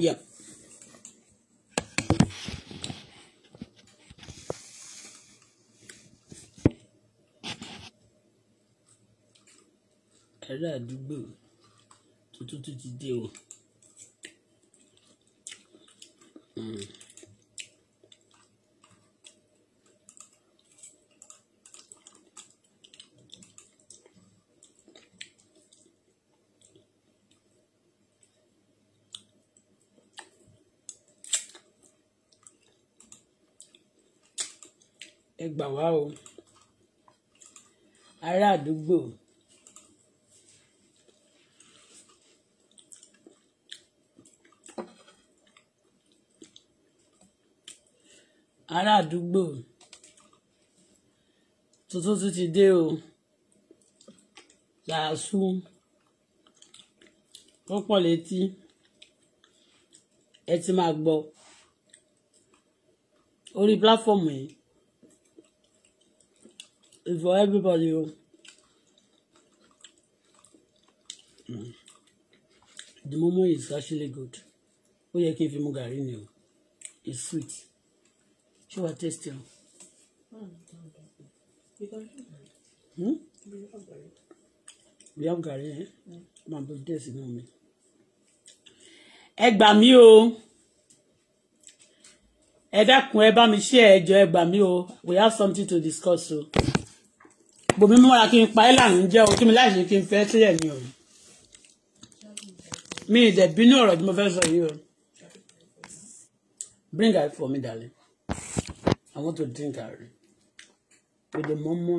Yep. ará àdúgbò tuntun ti dé o. Mm. ẹ gbà wá o ará àdúgbò ará àdúgbò tuntun tún ti dé o làásù ó pọ̀ létí ẹ ti máa gbọ́ orí pláfọ́ọ̀mù yìí It's for everybody. Mm. The momo is actually good. Ó yẹ kí n fi mu gàrí ni o. It's sweet. Show a taste o? Hmm? We have gàrí ẹ̀. Màá bọ̀ díẹ̀ sínú mi. Ẹ gbà mí o ẹ dákun ẹ bá mi ṣe ẹjọ ẹ gbà mí o we have something to discuss o. So bòmí múra kí n pa ẹ́ lànà jẹ́ o kí mi láì kí n fẹ́ sílẹ̀ ni o mi ì bínú ọ̀rọ̀ tí mo fẹ́ sọ yìí o bring out for me darling I want to drink out with the mọ́mọ́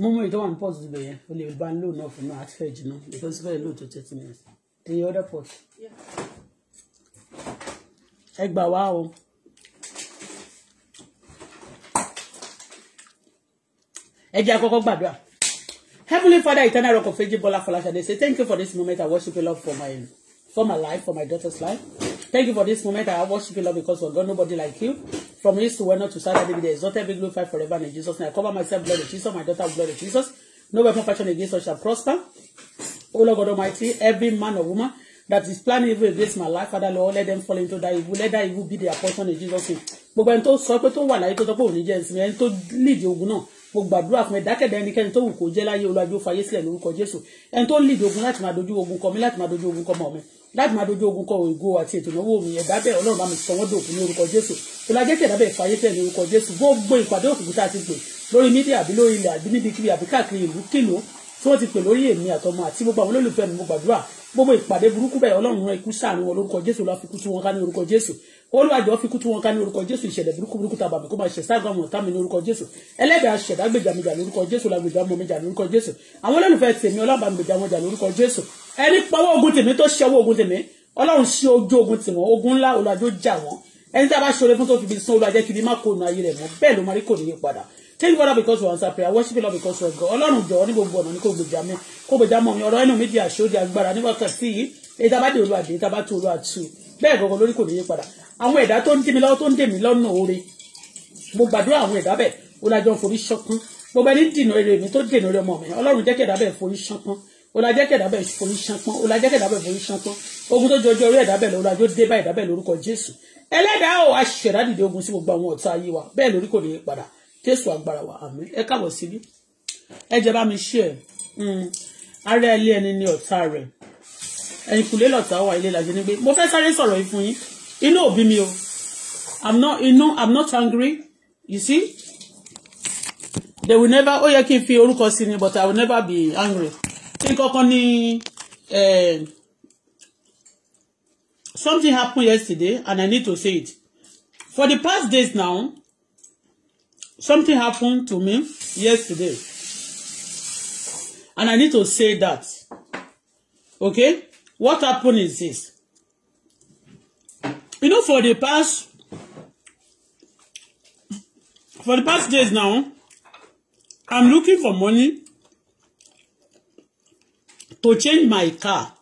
mọ́mọ́ yìí tó wà ní pọ́ọ̀tù síbẹ̀ yẹn o lè bá ń lò náà fún náà àti fẹ́ jìnnà because fẹ́ lò tó thirty minutes the other pot ẹ gbà wá o. ẹ jẹ́ gbàdúrà heavenly father eternal rock of ages bola falasade say thank you for this moment i worship you love for my for my life for my daughter's life thank you for this moment i worship you love because for oh god nobody like you from east to west north to south i dey be the exalted big glorified forever in jesus name i cover myself blood of jesus my daughter blood of jesus no weapon fashioned against us shall prosper O lord god almighty every man or woman that is planning evil against my life father lord let them fall into that evil let that evil be their portion in jesus name gbogbo ẹni tó sọ pé tó wà láyé tó sọ pé òun ní jẹ ìsinmi ẹni tó lead ogun náà mo gbàdúrà fún ẹ̀dákẹ́dá ẹnikẹ́ni tó wù kó jẹ́ láyé olùwàjò fàyè sílẹ̀ lórúkọ jésù ẹni tó ń lìdí ogun láti máa dojú ogun kọ mi láti máa dojú ogun kọ mọ̀ mi láti máa dojú ogun kọ ògo àti ètò ìnáwó mi ẹ̀dá bẹ́ẹ̀ ọlọ́run bá mi sọ wọ́n dòkun ní orúkọ jésù olùwàjẹ́kẹ̀ ẹ̀dá bẹ́ẹ̀ fàyè sílẹ̀ lórúkọ jésù gbogbo ìpàdé òkùnkùn tá a ti pè lórí mídíà àbí lórí ilẹ̀ àbí níbi kiri àbí káàkiri ìlú kìlò tí wọ́n ti pè lórí èmi àtọmọ àti gbogbo àwọn olólùfẹ́ mi mo gbàdúrà gbogbo ìpàdé burúkú bẹ́ẹ̀ ọlọ́run rán ikú sáà ní wọn jésù lọ́ọ́ fi kú tí wọ́n ká ní orúkọ jésù olùwàjọ fi kú tí wọn ká ní orúkọ jésù ìṣẹ̀lẹ̀ burúkú burúkú tá a bàbá kó máa ṣẹ̀ sáàgbà wọn tàmí ní orúkọ jésù ẹlẹ́dàá ṣẹ̀dá gbèjàmìjà lórúkọ jésù làgbèjà ọmọ mi jà lórúkọ jésù àwọn olólùfẹ́ tèmi ọlọ́bàmìjà wọn jà lórúkọ jésù ẹni pawọ́ ogun tèmi tó ṣẹ́wọ́ ogun tèmi ọlọ́run ṣí ojú ogun tì wọ́n ogun ńlá olùwàjọ jà wọ́n ẹni tí a bá ṣọlẹ fún tó fi san thank you because we answer prayer worship you lord because we go God ọlọ́run jọ̀wọ́ ní gbogbo ọ̀nà ní kò gbèjà mi kò gbèjà mọ́ mi ọ̀rọ̀ ẹnu mi di àṣọ di agbára ní wákàtí yìí èyí tá a bá dé olúwa dé tá a bá tó olúwa tù àwọn ẹ̀dá tó ń dí mi lọ́wọ́ tó ń dè mí lọ́nà oore mo gbàdúrà àwọn ẹ̀dá bẹ́ẹ̀ ó lájọ forí ṣọpọ́n gbogbo ẹni dìnà èrè mi tó dènà èrè ọmọ mi ọlọ́run jẹ́ kẹ̀dá bẹ́ẹ̀ forí ṣọpọ́n ó lájẹ́ kẹ̀dá bẹ́ẹ̀ forí ṣọpọ́n ó lájẹ́ kẹ̀dá bẹ́ẹ̀ forí ṣọpọ́n ogun tó jọjọ orí ẹ̀dá bẹ́ẹ̀ lọ́wọ́ dé bá ẹ̀dá bẹ́ẹ̀ lórúkọ jésù ẹlẹ́dàá ò aṣẹ̀dá dìde ogun wa bẹ́ẹ̀ lórí kò ní í padà jésù agbára wa àmín ẹ káàbọ̀ síbí ẹ jẹ́ bá mi ṣí ẹ̀ hmm. wà ilé làjẹ́ nígbé mo fẹ́ sáré sọ̀rọ̀ yìí fún yín inú òbí mi o i'm not inú i'm not angry you see they will never ó yẹ kí n fi orúkọ sí ni but i will never be angry tí n kankan eh, something happened yesterday and i need to say it for the past days now something happened to me yesterday and i need to say that okay what happened is this you know for the past for the past days now I'm looking for money to change my car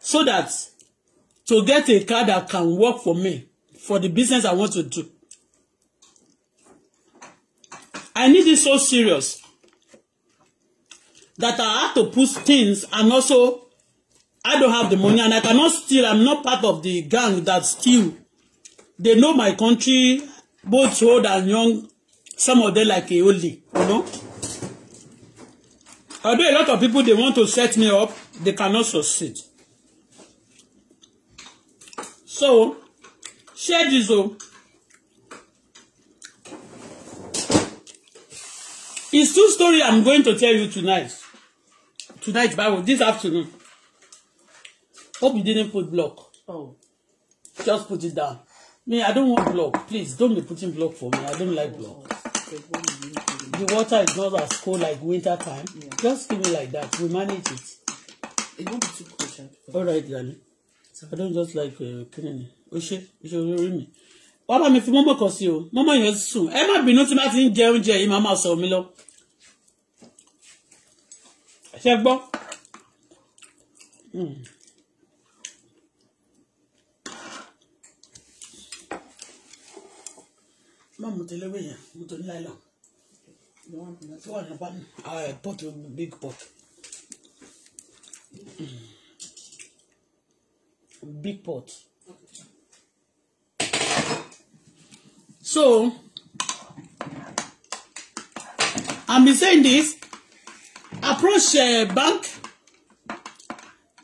so that to get a car that can work for me for the business I want to do. I need it so serious that I have to put things and also I don't have the money and I cannot steal. I'm not part of the gang that steal. They know my country, both old and young. Some of them like Eoli, you know. Although a lot of people, they want to set me up, they cannot succeed. So, share this o. It's two story I'm going to tell you tonight. Tonight, Bible, this afternoon. Hope you didn't put block. Oh. Just put it down. Me, I don't want block. Please, don't be putting block for me. I don't like oh, oh, block. The water is not as cold like winter time. Yeah. Just give me like that. We manage it. It won't be too cold. All right, darling. I don't just like uh, cleaning. Oṣé, you should worry me. bá mi fi mọ́mọ́ kan sí o. Mọ́mọ́ yẹn sùn. Ẹ má bínú tí bá ti ń jẹ oúnjẹ yìí, màá máa sọ mi lọ. má mú tẹlẹwé yẹn mú tó ní láìlọ tó wà ní pàmò pot eh, big pot big pot so i'm be saying this approach uh, bank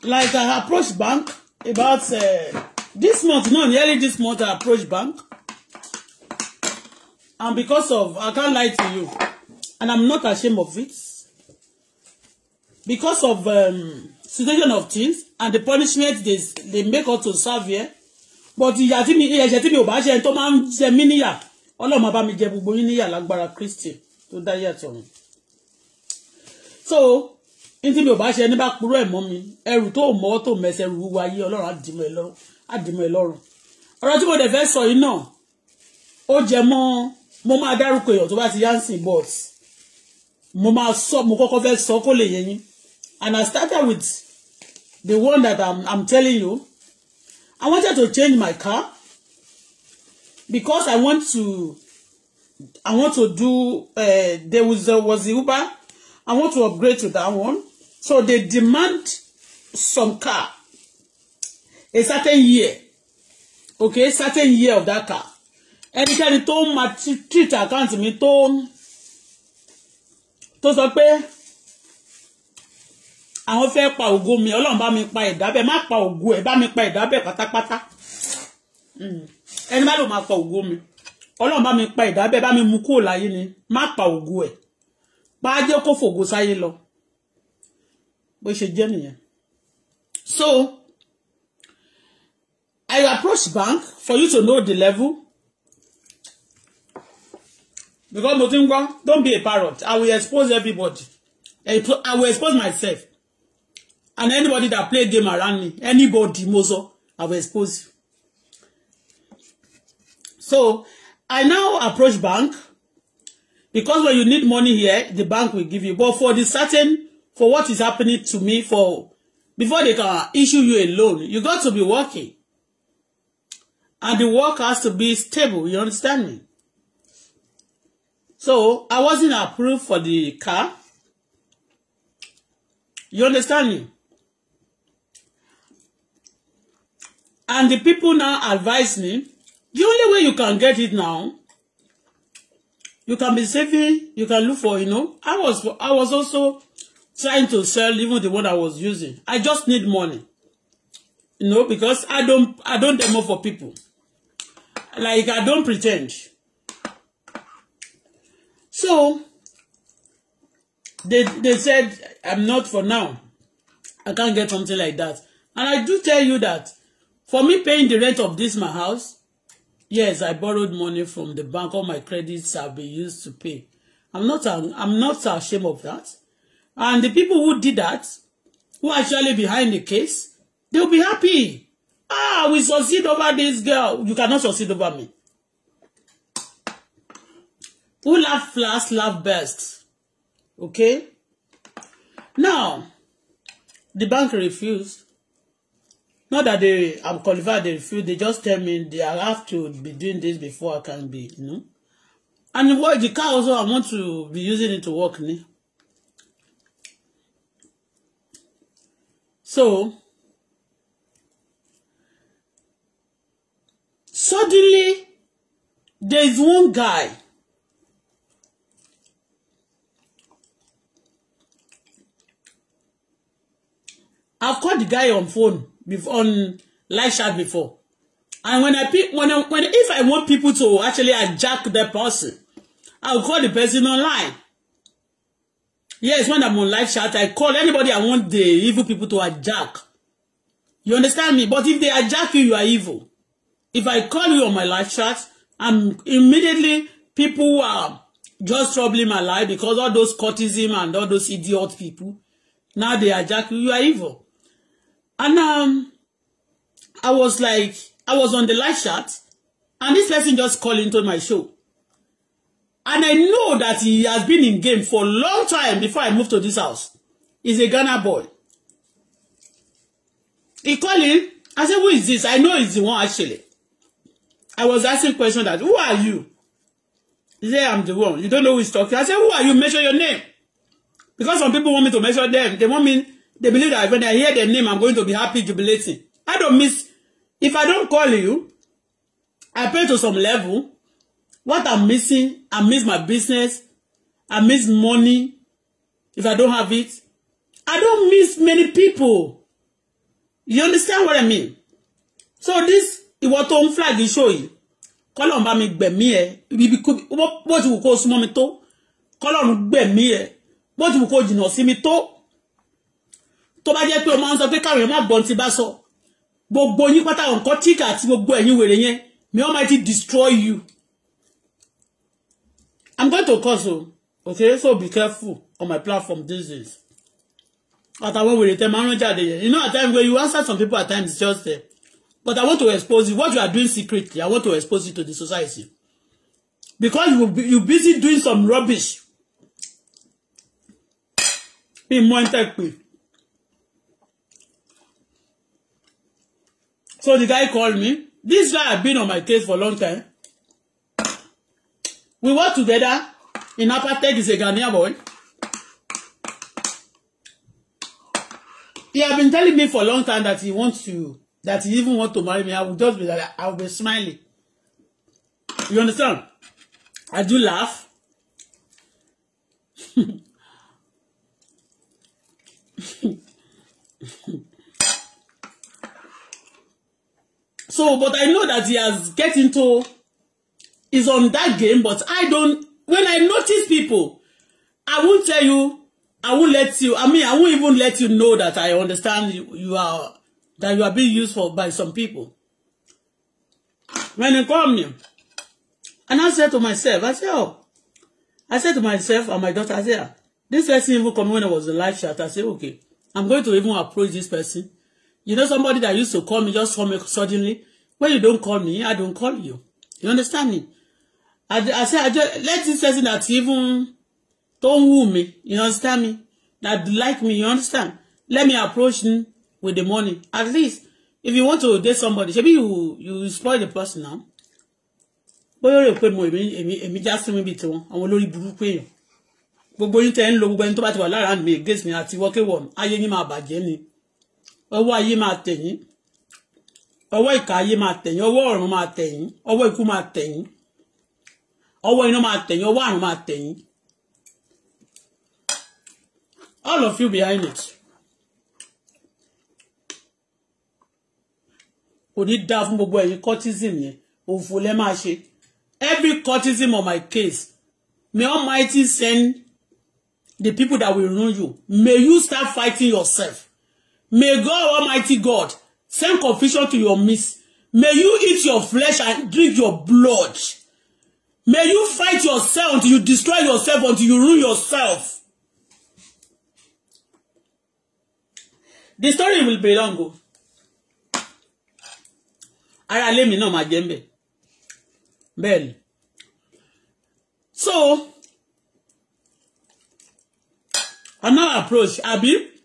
like i approach bank about uh, this month no nearly this month i approach bank and because of I can't lie to you and I'm not ashamed of it because of um, situation of things and the punishment they they make us to serve here but ìyà tí mi ẹ̀ṣẹ̀ tí mi ò bá ṣe ẹni tó máa ń jẹ mí níyà Ọlọ́run máa bá mi jẹ gbogbo yín níyà lágbára Kristi tó dáyé àti so ní tí mi ò bá ṣe ẹni bá purọ́ ẹ̀ mọ́ mi ẹrù tó mọ́ tó mẹsẹ̀ ẹrù wíwá yé Ọlọ́run àdìmọ́ ẹ lọ́rùn àdìmọ́ ẹ lọ́rùn ọ̀rọ̀ tí mo dẹ̀ fẹ́ sọ yìí náà ó jẹ mọ́ mo máa dárúkọ èèyàn tó bá ti yánsìn but mo máa sọ mo kọ́kọ́ fẹ́ sọ kó lè yé yín and I started with the one that I'm, I'm telling you I wanted to change my car because I want to I want to do uh, there was uh, was the Uber I want to upgrade to that one so they demand some car a certain year okay certain year of that car ẹnikẹ́ni tó ń máa treat account mi tó tó sọ pé àwọn fẹ́ pa ògo mi ọlọ́run bá mi pa ìdábẹ́ má pa ògo ẹ̀ bá mi pa ìdábẹ́ pátápátá hmm. ẹni má lò máa pa ògo mi ọlọ́run bá mi pa ìdábẹ́ bá mi mú kúrò láyé ni má pa ògo ẹ̀ pa á kó fògo sáyé lọ bó ṣe jẹ́ nìyẹn so I approach bank for you to know the level because mo don't be a parrot i will expose everybody i will expose myself and anybody that played game around me anybody mozo, i will expose you so i now approach bank because when you need money here the bank will give you but for the certain for what is happening to me for before they can issue you a loan you got to be working and the work has to be stable you understand me So I wasn't approved for the car. You understand me? And the people now advise me, the only way you can get it now, you can be saving, you can look for, you know. I was I was also trying to sell even the one I was using. I just need money. You know, because I don't I don't demo for people. Like I don't pretend. So they they said I'm not for now. I can't get something like that. And I do tell you that for me paying the rent of this my house, yes, I borrowed money from the bank. All my credits have been used to pay. I'm not I'm not ashamed of that. And the people who did that, who are actually behind the case, they'll be happy. Ah, we succeed over this girl. You cannot succeed over me who love last love best. Okay? Now, the bank refused. Not that they I'm qualified, they refused. They just tell me they have to be doing this before I can be, you know. And what the car also I want to be using it to work. me. So suddenly there is one guy I've called the guy on phone before, on live chat before. And when I pick when I, when if I want people to actually hijack the person, I'll call the person online. Yes, when I'm on live chat, I call anybody I want the evil people to hijack. You understand me? But if they hijack you, you are evil. If I call you on my live chat, I'm immediately people are just troubling my life because all those courtism and all those idiot people, now they hijack you, you are evil. And um, I was like, I was on the live chat, and this person just called into my show. And I know that he has been in game for long time before I moved to this house. He's a Ghana boy. He called in. I said, who is this? I know it's the one actually. I was asking question that, who are you? He said, I'm the one. You don't know who is talking. I said, who are you? Measure your name. Because some people want me to measure them. They want me They believe that when I hear their name, I'm going to be happy, jubilating. I don't miss. If I don't call you, I pay to some level. What I'm missing, I miss my business. I miss money. If I don't have it, I don't miss many people. You understand what I mean? So this, ìwọ tó ń flag show you. kọ́lọ̀ ń bá mi gbẹ̀mí ẹ̀, ibi kó bó ti wù kó súnmọ́ mi tó, kọ́lọ̀ ń you ẹ̀, bó ti wù tó bá jẹ́ pé o máa ń sọ pé káwọn èèyàn má gbọ́n ti bá sọ gbogbo yín pátá nǹkan tíkà àti gbogbo ẹ̀yin wèrè yẹn may Almighty destroy you i'm going to cause o okay so be careful on my platform these days àtàwọn wèrè tẹ máa ń rán jáde yẹn you know at times when you answer some people at times it's just there. but i want to expose you what you are doing secretly i want to expose you to the society because you be, you busy doing some rubbish. mi mọ́ ń tẹ̀ So the guy called me. This guy had been on my case for a long time. We worked together in Apatech, he's a Ghanaian boy. He had been telling me for a long time that he wants to, that he even want to marry me. I would just be like, I would be smiling. You understand? I do laugh. So, but I know that he has get into, is on that game, but I don't, when I notice people, I won't tell you, I won't let you, I mean, I won't even let you know that I understand you, you are, that you are being used for by some people. When they call me, and I said to myself, I said, oh, I said to myself and my daughter, I said, ah, this person even come when I was in live chat, I say, okay, I'm going to even approach this person You know somebody that used to call me just call me suddenly. When you don't call me, I don't call you. You understand me? I, I say I just let this person that even don't woo me. You understand me? That like me. You understand? Let me approach him with the money. At least if you want to date somebody, maybe you you spoil the person now. Bóyá rè pé mo èmi èmi èmi já sí mi bíi tiwọn àwọn olórí burúkú èèyàn gbogbo yín tẹ́ ń lo gbogbo ẹni tó bá ti wà lára mi against mi àti wọ́kéwọ̀ ayé yín máa bàjẹ́ ni ọwọ́ ayé máa tẹ̀yìn ọwọ́ ìka ayé máa tẹ̀yìn ọwọ́ ọ̀run máa tẹ̀yìn ọwọ́ ikú máa tẹ̀yìn ọwọ́ iná máa tẹ̀yìn ọwọ́ àrùn máa tẹ̀yìn all of you behind it kò ní dáa fún gbogbo ẹ̀yin cultism yẹn òfò lẹ́ máa ṣe every cultism of my case may Almighty send the people that will ruin you may you start fighting yourself May God, Almighty God, send confusion to your midst. May you eat your flesh and drink your blood. May you fight yourself until you destroy yourself, until you ruin yourself. The story will be long. Ago. Oh. Ara lé mi náà máa jẹ́ mbẹ̀. So, another approach, Abi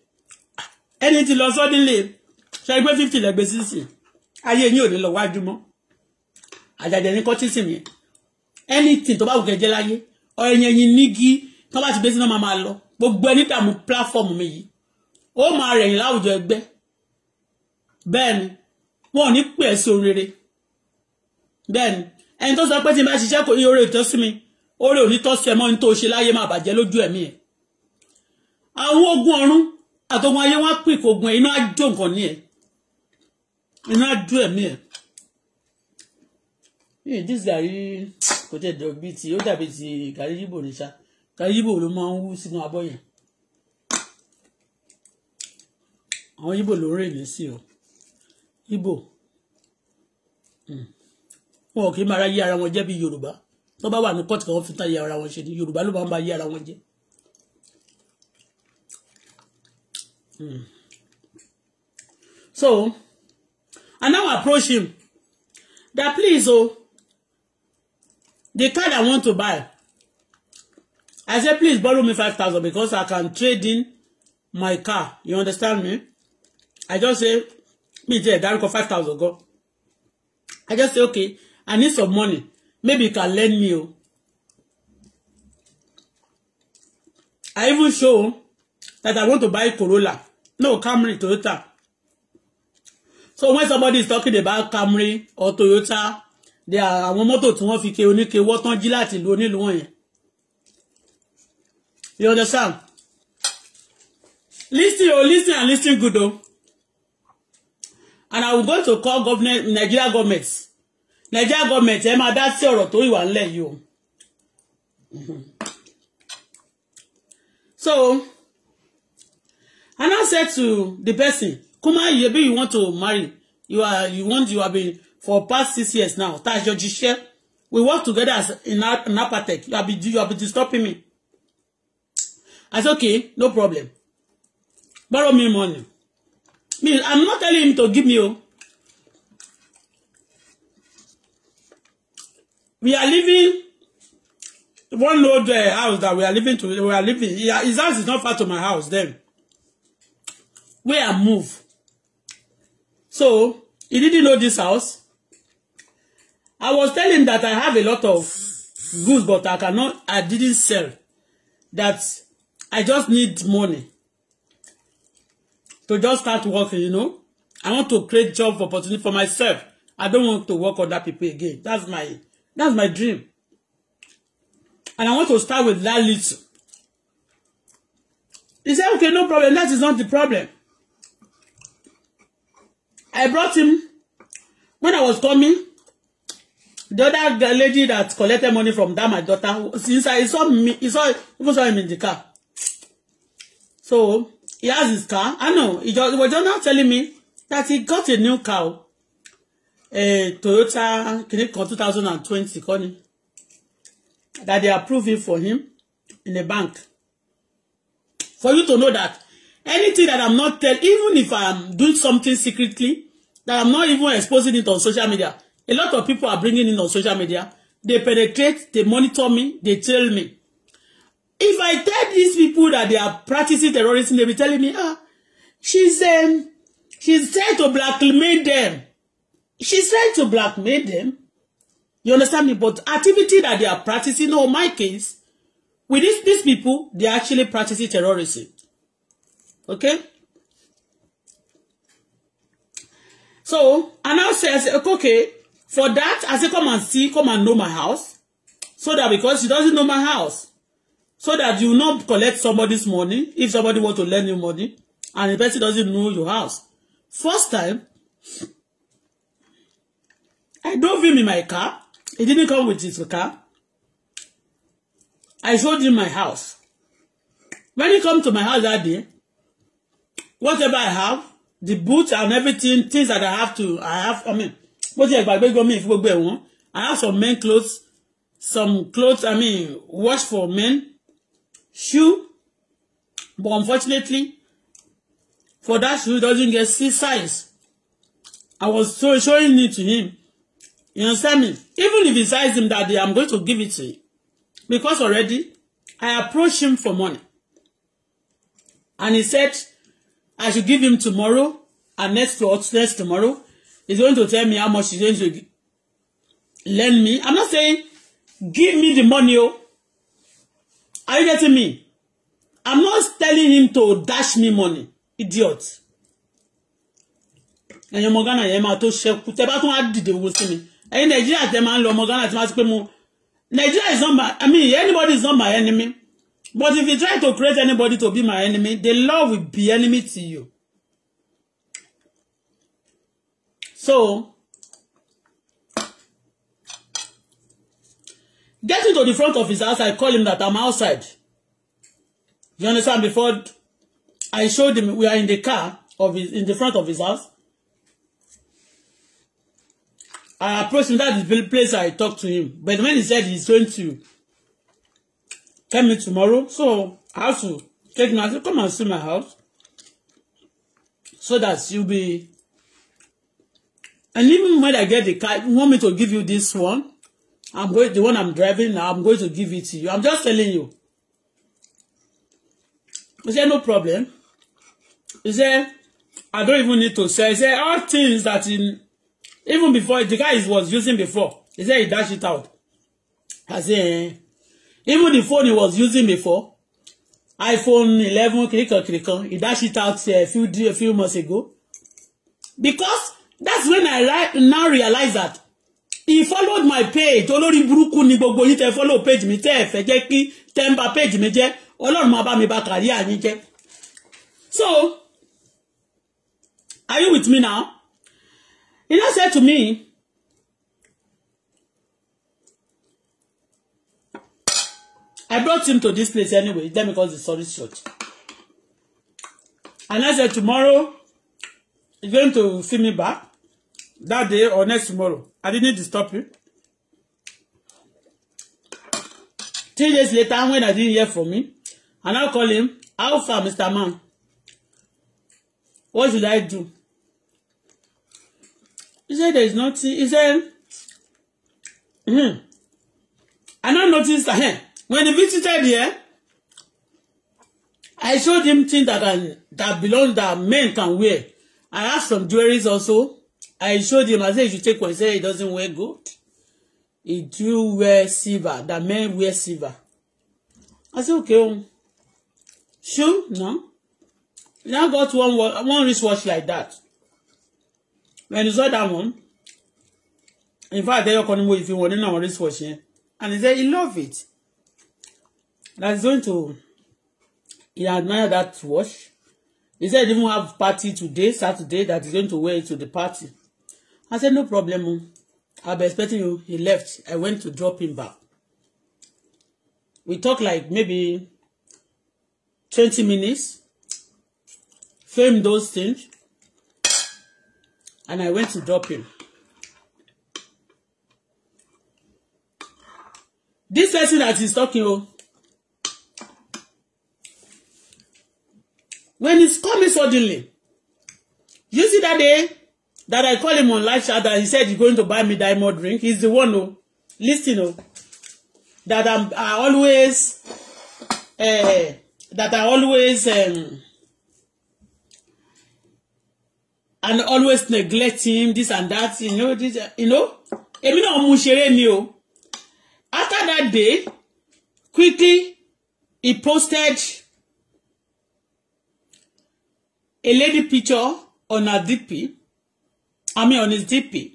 ẹni tí lọ sọ́dínlé ṣe gbé fifty lẹ́gbẹ́ sísì ayé yín ò ní lọ wájú mọ́ àjàjẹ ní kọ́tísìm yẹn anything tó bá wù kẹjẹ láyé ọ̀yẹ̀yẹ̀ yìí nígi tó bá ti dé sínú máa lọ gbogbo ẹni dààmú platform mi yìí ó máa rẹ̀yìn láwùjọ ẹgbẹ́ bẹ́ẹ̀ ni wọn ò ní pè é sí orire bẹ́ẹ̀ ni ẹni tó sọ pé tí n bá ṣiṣẹ́ kò yí oore ìtọ́sí mi oore ò ní tọ́sí ẹ mọ́ ní tó ṣe láyé máa bàjẹ́ lójú ẹ̀mí ẹ̀ àwọn ogun ọ̀run àtọ̀gùn ayé wọn pín ìkógun ẹ̀ iná á jó nǹkan ní ẹ̀ iná á jó ẹ̀mí ẹ̀. yìí dis gàrí kò tẹ̀ dọ̀ bíi ti ó dàbí ti gàrí yíbò ní sá gàrí yíbò ló máa ń wú sínú abọ́ yẹn. àwọn yíbò ló rìn mí sí o yíbò hmm. wọn ò kí máa ra yí ara wọn jẹ́ bí yorùbá tó bá wà ní kọ́ọ̀tù kan wọ́n fi ta yí ara wọn ṣe ni yorùbá ló máa ń ba yí ara wọn jẹ́. So, I now approach him that please, oh, the card I want to buy. I say, please borrow me five thousand because I can trade in my car. You understand me? I just say, me there, five thousand go. I just say, okay, I need some money. Maybe you can lend me. Oh. I even show that I want to buy Corolla. No, Camry, Toyota. So when somebody is talking about Camry or Toyota, they are àwọn mọ́tò tí wọ́n fi ke oníke wọ́n tán jí láti ìlú onílùú wọ̀nyẹn. You understand? Listen o, oh, listen and listen good oh. And I will go to call Governor Nigeria government. Nigeria government ẹ máa dá sí ọ̀rọ̀ tó ìwà ńlẹ̀ yìí o. Oh. So and I said to the person kuma yebi you want to marry you are you want you have been for past six years now that's your jishe we work together as in an apatech you have been you have been disturbing me I said okay no problem borrow me money me I'm not telling him to give me o oh. we are living one old uh, eh, house that we are living to we are living yeah, his house is not far to my house then where I move. So he didn't know this house. I was telling him that I have a lot of goods, but I cannot, I didn't sell. That I just need money to just start working, you know. I want to create job opportunity for myself. I don't want to work other people again. That's my that's my dream. And I want to start with that little. He said, okay, no problem. That is not the problem. I brought him when I was coming. The other lady that collected money from that my daughter, since I saw me, he saw even saw him in the car. So he has his car. I know he, just, he was just now telling me that he got a new car, a Toyota Kinecon 2020 Connie, that they approved it for him in the bank. For you to know that anything that I'm not telling, even if I'm doing something secretly, that I'm not even exposing it on social media, a lot of people are bringing it on social media. They penetrate, they monitor me, they tell me. If I tell these people that they are practicing terrorism, they'll be telling me, ah, she's um, she's trying to blackmail them. She's trying to blackmail them. You understand me? But activity that they are practicing, or my case, with these, these people, they actually practicing terrorism. Okay? So, and now say, I say, okay, for that, I say, come and see, come and know my house. So that because she doesn't know my house. So that you not collect somebody's money if somebody want to lend you money and the person doesn't know your house. First time, I drove him in my car. He didn't come with his car. I showed him my house. When he come to my house that day, whatever I have the boots and everything things that I have to I have I mean Yeah, but ti ẹ̀gbàgbé gbọ́ mi ìfúgbogbo ẹ̀wọ̀n I have some men clothes some clothes I mean wash for men shoe but unfortunately for that shoe doesn't get six size I was so showing it to him you understand me even if he size him that day I'm going to give it to him because already I approached him for money and he said I should give him tomorrow and next to next tomorrow. He's going to tell me how much he's going to lend me. I'm not saying give me the money. Oh. Are you getting me? I'm not telling him to dash me money. Idiot. ẹ̀yin ọmọ Ghana yẹn máa tó ṣẹ́kù tẹ bá tún wá dìde wo sí mi ẹ̀yin Nàìjíríà tẹ máa ń lọ ọmọ Ghana tí wọ́n ti pé mo Nàìjíríà is not my I mean anybody is not my enemy But if you try to create anybody to be my enemy, the Lord will be enemy to you. So, getting to the front of his house, I call him that I'm outside. You understand? Before I showed him, we are in the car of his, in the front of his house. I approached him. That is the place I talked to him. But when he said he's going to tell me tomorrow so I have to take my come and see my house so that you'll be and even when I get the car you want me to give you this one I'm going the one I'm driving now I'm going to give it to you I'm just telling you Is there no problem Is there? I don't even need to say. Is there all things that in even before the guy was using before Is there? he dash it out I say even the phone he was using before iPhone eleven kirikan kirikan he dash it out a eh, few a few months ago because that's when I now realize that he followed my page Olori burúkú ni gbogbo yín tẹ́ follow page mi tẹ́ ẹ fẹ́ jẹ́ kí page mi jẹ́ Ọlọ́run máa bá mi bà kàríà yín jẹ́ so are you with me now he now said to me I brought him to this place anyway. Then because the story short. And I said, tomorrow, he's going to see me back. That day or next tomorrow. I didn't disturb you. Three days later, when I didn't hear from him, and I call him, how far, Mr. Man? What should I do? He said, there is nothing. He said, mm. I now notice that, hey, When he visited here, I showed him things that I, that belong that men can wear. I asked some jewelries also. I showed him. I said, "You take one." He said, "He doesn't wear gold. He do wear silver. That men wear silver." I said, "Okay, um, shoe no." He now got one one wristwatch like that. When he saw that one, in fact, they ẹyọkan ni mo fi wọn nínú àwọn wristwatch yẹn, and he said he loved it. That that's going to he admire that watch he said he even have party today Saturday that he's going to wear it to the party I said no problem oh. I'll be expecting you he left I went to drop him back we talked like maybe 20 minutes film those things and I went to drop him this person that he's talking oh When it's coming suddenly, you see that day that I call him on live chat and he said he's going to buy me diamond drink. He's the one who, oh. listen, know oh. that I'm I always, uh, that I always, um, and always neglect him, this and that, you know, this, you know. Èmi náà mú ṣeré ni o. Oh. After that day, quickly, he posted a lady picture on a DP. I mean on his DP.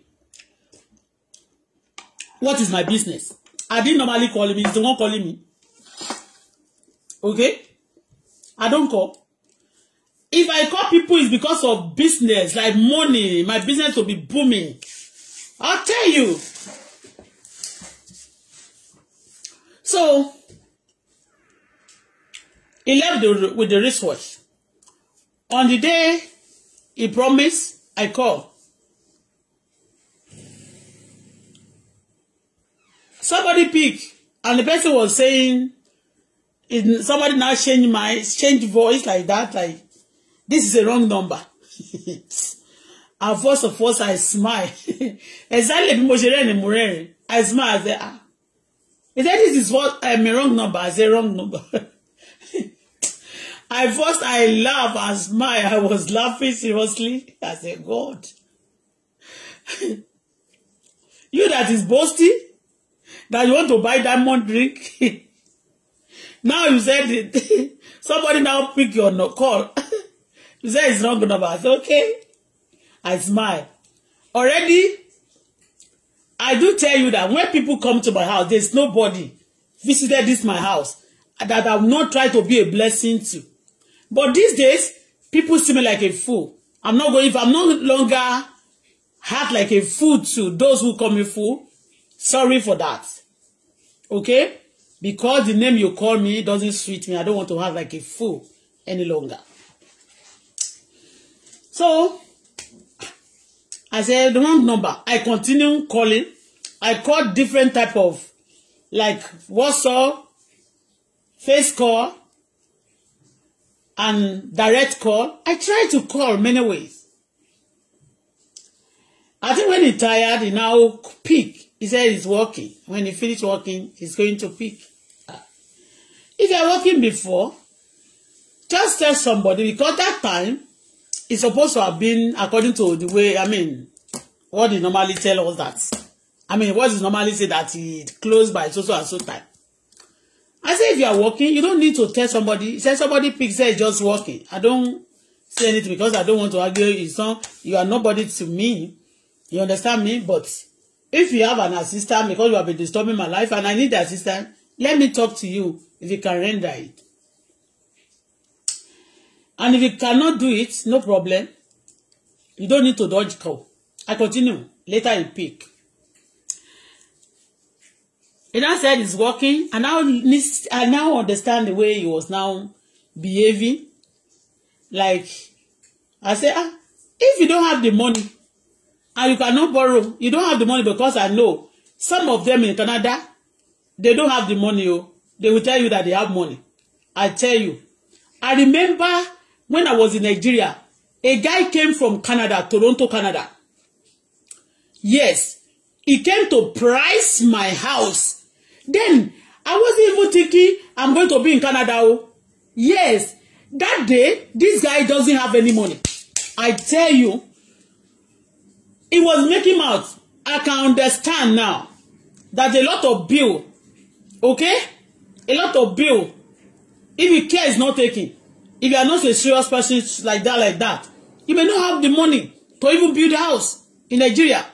What is my business? I didn't normally call him. He's the one calling me. Okay? I don't call. If I call people, it's because of business, like money. My business will be booming. I'll tell you. So, he left the, with the wristwatch. On the day he promised, I call. Somebody pick, and the person was saying, somebody now change my change voice like that, like this is a wrong number. and first of all, I smile. exactly bí mo I smile. I say, ah. He said, this is what, um, a wrong number. I say, wrong number. I first I laugh and smile. I was laughing seriously. I said, God. you that is boasting, that you want to buy diamond drink. now you said it. Somebody now pick your no call. you said it's wrong number. I said, okay. I smile. Already, I do tell you that when people come to my house, there's nobody visited this my house that I've not tried to be a blessing to. But these days, people see me like a fool. I'm not going, if I'm no longer act like a fool to those who call me fool, sorry for that. Okay? Because the name you call me doesn't suit me. I don't want to have like a fool any longer. So, I said the wrong number. I continue calling. I called different type of like WhatsApp, face call, and direct call. I try to call many ways. I think when he tired, he now pick. He said he's working. When he finish working, he's going to pick. If you're working before, just tell somebody because that time is supposed to have been according to the way, I mean, what he normally tell us that. I mean, what is normally say that he closed by so so and so time. I say if you are working, you don't need to tell somebody. Say somebody picks, say just working. I don't say anything because I don't want to argue. It's not you are nobody to me. You understand me? But if you have an assistant because you have been disturbing my life and I need the assistant, let me talk to you if you can render it. And if you cannot do it, no problem. You don't need to dodge call. I continue. Later you pick. He now said it's working. and now I now understand the way he was now behaving. Like I say, ah, if you don't have the money and you cannot borrow, you don't have the money because I know some of them in Canada, they don't have the money. Oh, they will tell you that they have money. I tell you. I remember when I was in Nigeria, a guy came from Canada, Toronto, Canada. Yes, he came to price my house Then I wasn't even thinking I'm going to be in Canada. Oh. Yes, that day, this guy doesn't have any money. I tell you, he was making mouth. I can understand now that a lot of bill, okay? A lot of bill, if you care is not taking, if you are not a serious person like that, like that, you may not have the money to even build a house in Nigeria.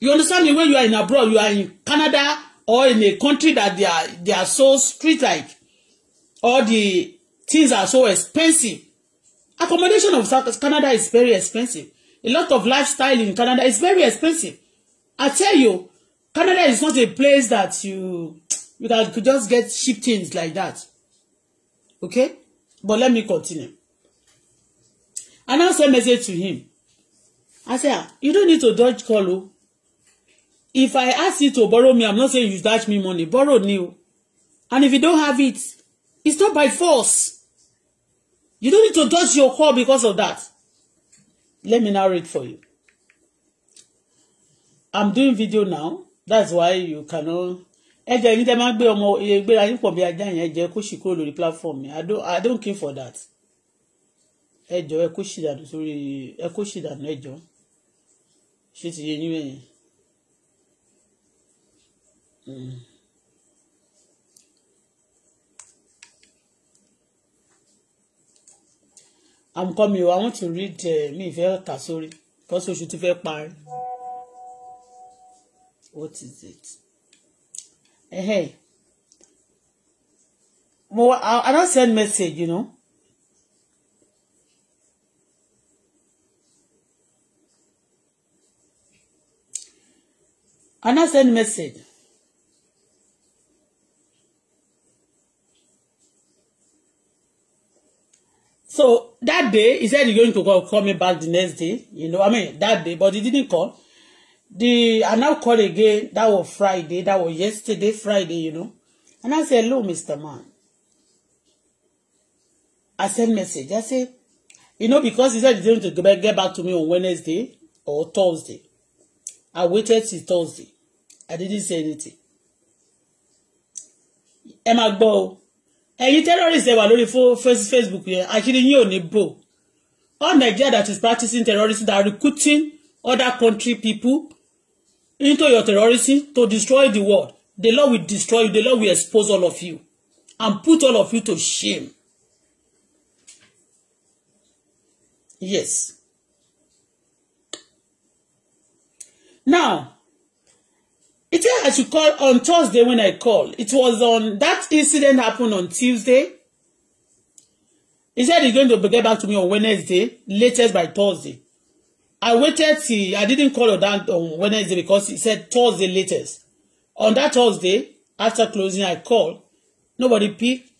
You understand me? When you are in abroad, you are in Canada, or in a country that they are they are so street like all the things are so expensive accommodation of South Canada is very expensive a lot of lifestyle in Canada is very expensive I tell you Canada is not a place that you you can just get cheap things like that okay but let me continue I now send message to him I say ah you don't need to dodge call o oh if I ask you to borrow me I'm not saying you dash me money borrow new, and if you don't have it it's not by force you don't need to dodge your call because of that let me now read for you I'm doing video now that's why you cannot ẹ jẹ́ yín tẹ́ gbé ọmọ ìgbéra yín pọ̀ ajá yẹn ẹ kó sì kúrò lórí platform mi I don't I don't care for that ẹ ẹ kó sì dànù sórí ẹ kó sì dànù ẹ jọ ti yé yín mẹ́yìn. I'm mm. coming. I want to read uh, mi ìfẹ́ kà sórí because oṣù ti fẹ́ parí. What is it? Hey. Mo I, I don't send message, you know. I don't send message. So that day, he said he's going to call, call me back the next day. You know, I mean, that day, but he didn't call. The I now called again. That was Friday. That was yesterday, Friday, you know. And I said, hello, Mister Man. I sent message. I said, you know, because he said he's going to get back to me on Wednesday or Thursday. I waited till Thursday. I didn't say anything. Ẹ máa gbọ́ ẹ̀yin terrorists ẹ wà lórí facebook yẹn àṣírí yín ò ní bò all Nigeria that is practicing terrorism that recruiting other country people into your terrorism to destroy the world the Lord will destroy you the Lord will expose all of you and put all of you to shame yes now It I should call on Thursday when I call. It was on that incident happened on Tuesday. He said he's going to get back to me on Wednesday, latest by Thursday. I waited till I didn't call on that on Wednesday because he said Thursday latest. On that Thursday, after closing, I called. Nobody picked.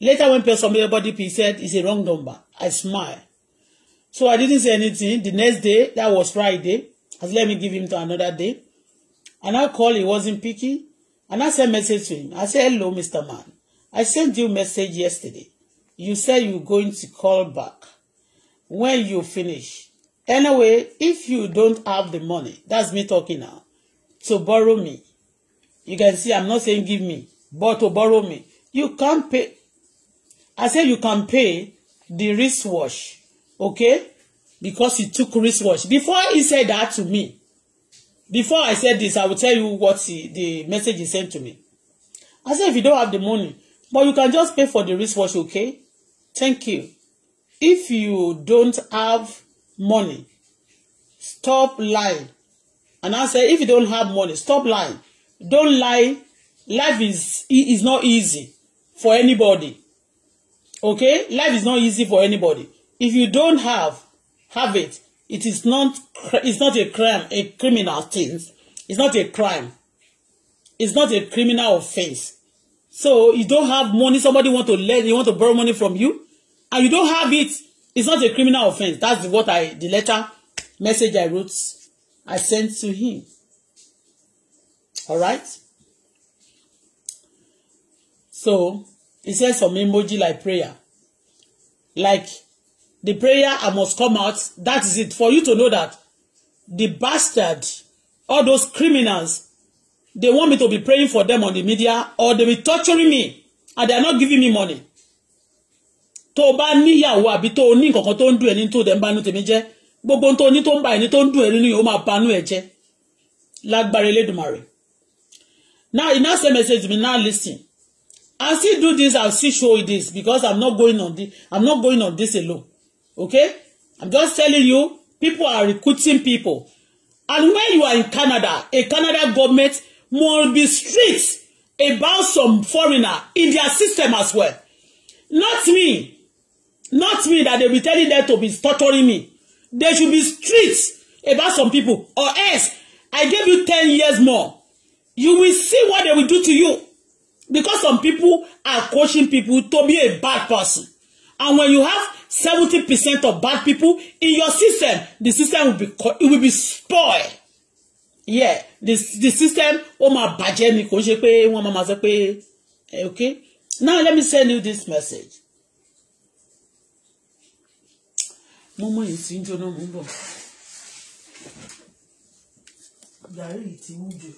Later, when somebody picked, he said it's a wrong number. I smile. So I didn't say anything. The next day, that was Friday. I said, let me give him to another day. And I called, he wasn't picking. And I sent message to him. I said, hello, Mr. Man. I sent you message yesterday. You said you going to call back when you finish. Anyway, if you don't have the money, that's me talking now, to borrow me. You can see I'm not saying give me, but to borrow me. You can't pay. I said you can pay the wristwatch, okay? Because he took wristwatch. Before he said that to me, before I said this, I will tell you what the, the message he sent to me. I said, if you don't have the money, but you can just pay for the wristwatch, okay? Thank you. If you don't have money, stop lying. And I said, if you don't have money, stop lying. Don't lie. Life is, is not easy for anybody. Okay? Life is not easy for anybody. If you don't have, have it. It is not, it's not a crime, a criminal thing. It's not a crime. It's not a criminal offense. So you don't have money, somebody want to lend, you want to borrow money from you, and you don't have it. It's not a criminal offense. That's what I, the letter message I wrote, I sent to him. All right? So, it says some emoji like prayer. Like the prayer I must come out. That is it for you to know that the bastard, all those criminals, they want me to be praying for them on the media or they be torturing me and they are not giving me money. tó bá níyàwó àbí tó ní nǹkankan tó ń dùn ẹni tó dẹ̀ ń banú tèmi jẹ́ gbogbo tó ní tó ń ba ẹni tó ń dùn ẹni yìí máa banú ẹ jẹ́ lágbára Elédùmarè. now you now send message to me now listen I still do this I still show you this because I'm not going on this I'm not going on this alone Okay? I'm just telling you, people are recruiting people. And when you are in Canada, a Canada government must be strict about some foreigner in their system as well. Not me. Not me that they be telling them to be torturing me. They should be strict about some people. Or else, I gave you ten years more. You will see what they will do to you. Because some people are coaching people to be a bad person. And when you have seventy percent of bad people in your system the system will be it will be spoiled yeah the the system ó máa bàjẹ́ ni kò ṣe pé wọ́n máa sọ pé eh, okay now let me send you this message. mo mọ èyí tí ń jóná mú bọ̀. gàrí yìí ti ń jò.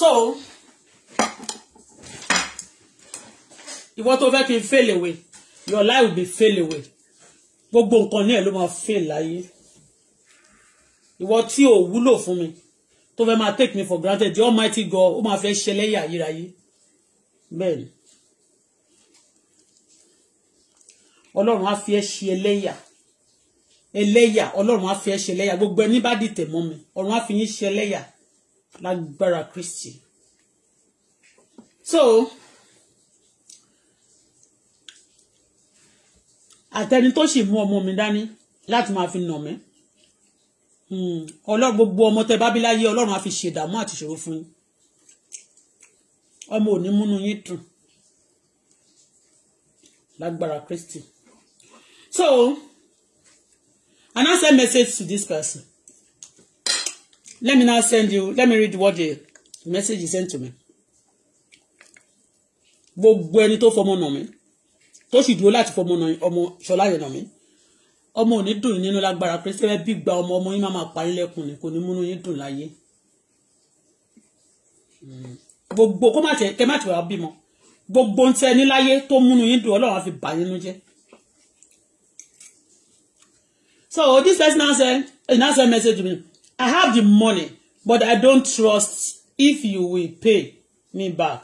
so ìwọ tó fẹ́ kí n fail away your life will be fail away gbogbo nǹkan ní ẹ̀ ló máa fail láyé ìwọ tí ò wúlò fún mi tó fẹ́ máa take me for granted the almighty God ó máa fẹ́ ṣẹlẹ́yà ayérayé bẹ́ẹ̀ ni ọlọ́run á fi ẹ́ ṣe ẹlẹ́yà ẹlẹ́yà ọlọ́run á fi ẹ́ ṣe ẹlẹ́yà gbogbo ẹni bá dìtẹ̀ mọ́ mi ọ̀run á fi yín ṣe ẹlẹ́yà lágbára Kristi so àtẹni tó sì mú ọmọ mi dání láti máa fi nà mí hmm, ọlọ́run gbogbo ọmọ tẹ bá bí láyé ọlọ́run á fi ṣèdààmú àti ìṣòro fún yín ọmọ òní múnú yín dùn lágbára Kristi so I I send message to this person Let me now send you, let me read what the message is sent to me. Gbogbo ẹni tó fọmọ nà mí, tó sì dúró láti fọmọ nà ọmọ Ṣọlá yẹn nà mí. Ọmọ ò ní dùn nínú lágbára pé sẹ́fẹ́ bí gba ọmọ ọmọ yín máa máa pa yín lẹ́kùn ni kò ní múnú yín dùn láyé. Gbogbo kó má tẹ kẹ má tẹ wá bímọ. Gbogbo ń tẹ ní láyé tó múnú yín dùn Ọlọ́run á fi bà yín jẹ́. So this person now send, now send message to me. I have the money, but I don't trust if you will pay me back.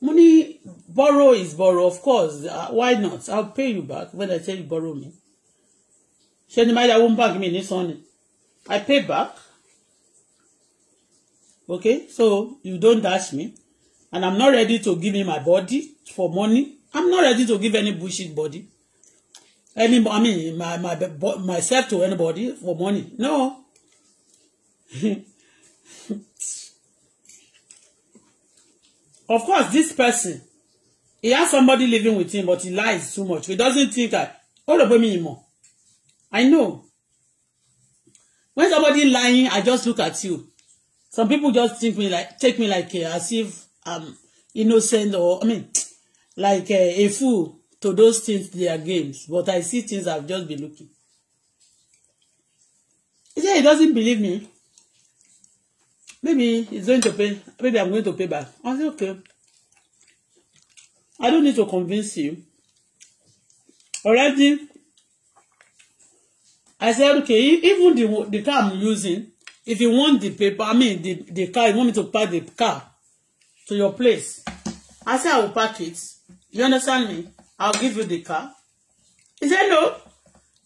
Money borrow is borrow, of course. Uh, why not? I'll pay you back when I tell you borrow me. Ṣé ni Maida won't back me this money. I pay back. Okay, so you don't dash me. And I'm not ready to give me my body for money. I'm not ready to give any bullshit body any I mean my my myself to anybody for money. No. of course, this person, he has somebody living with him, but he lies too much. He doesn't think that all oh, about me anymore. I know. When somebody lying, I just look at you. Some people just think me like take me like uh, as if I'm innocent or I mean like uh, a fool to those things their games but I see things I've just been looking he said he doesn't believe me maybe he's going to pay maybe I'm going to pay back I said okay I don't need to convince you already I said okay e, even the the car I'm using if you want the paper I mean the the car you want me to pack the car to your place I said I will pack it you understand me I'll give you the car. He said, no.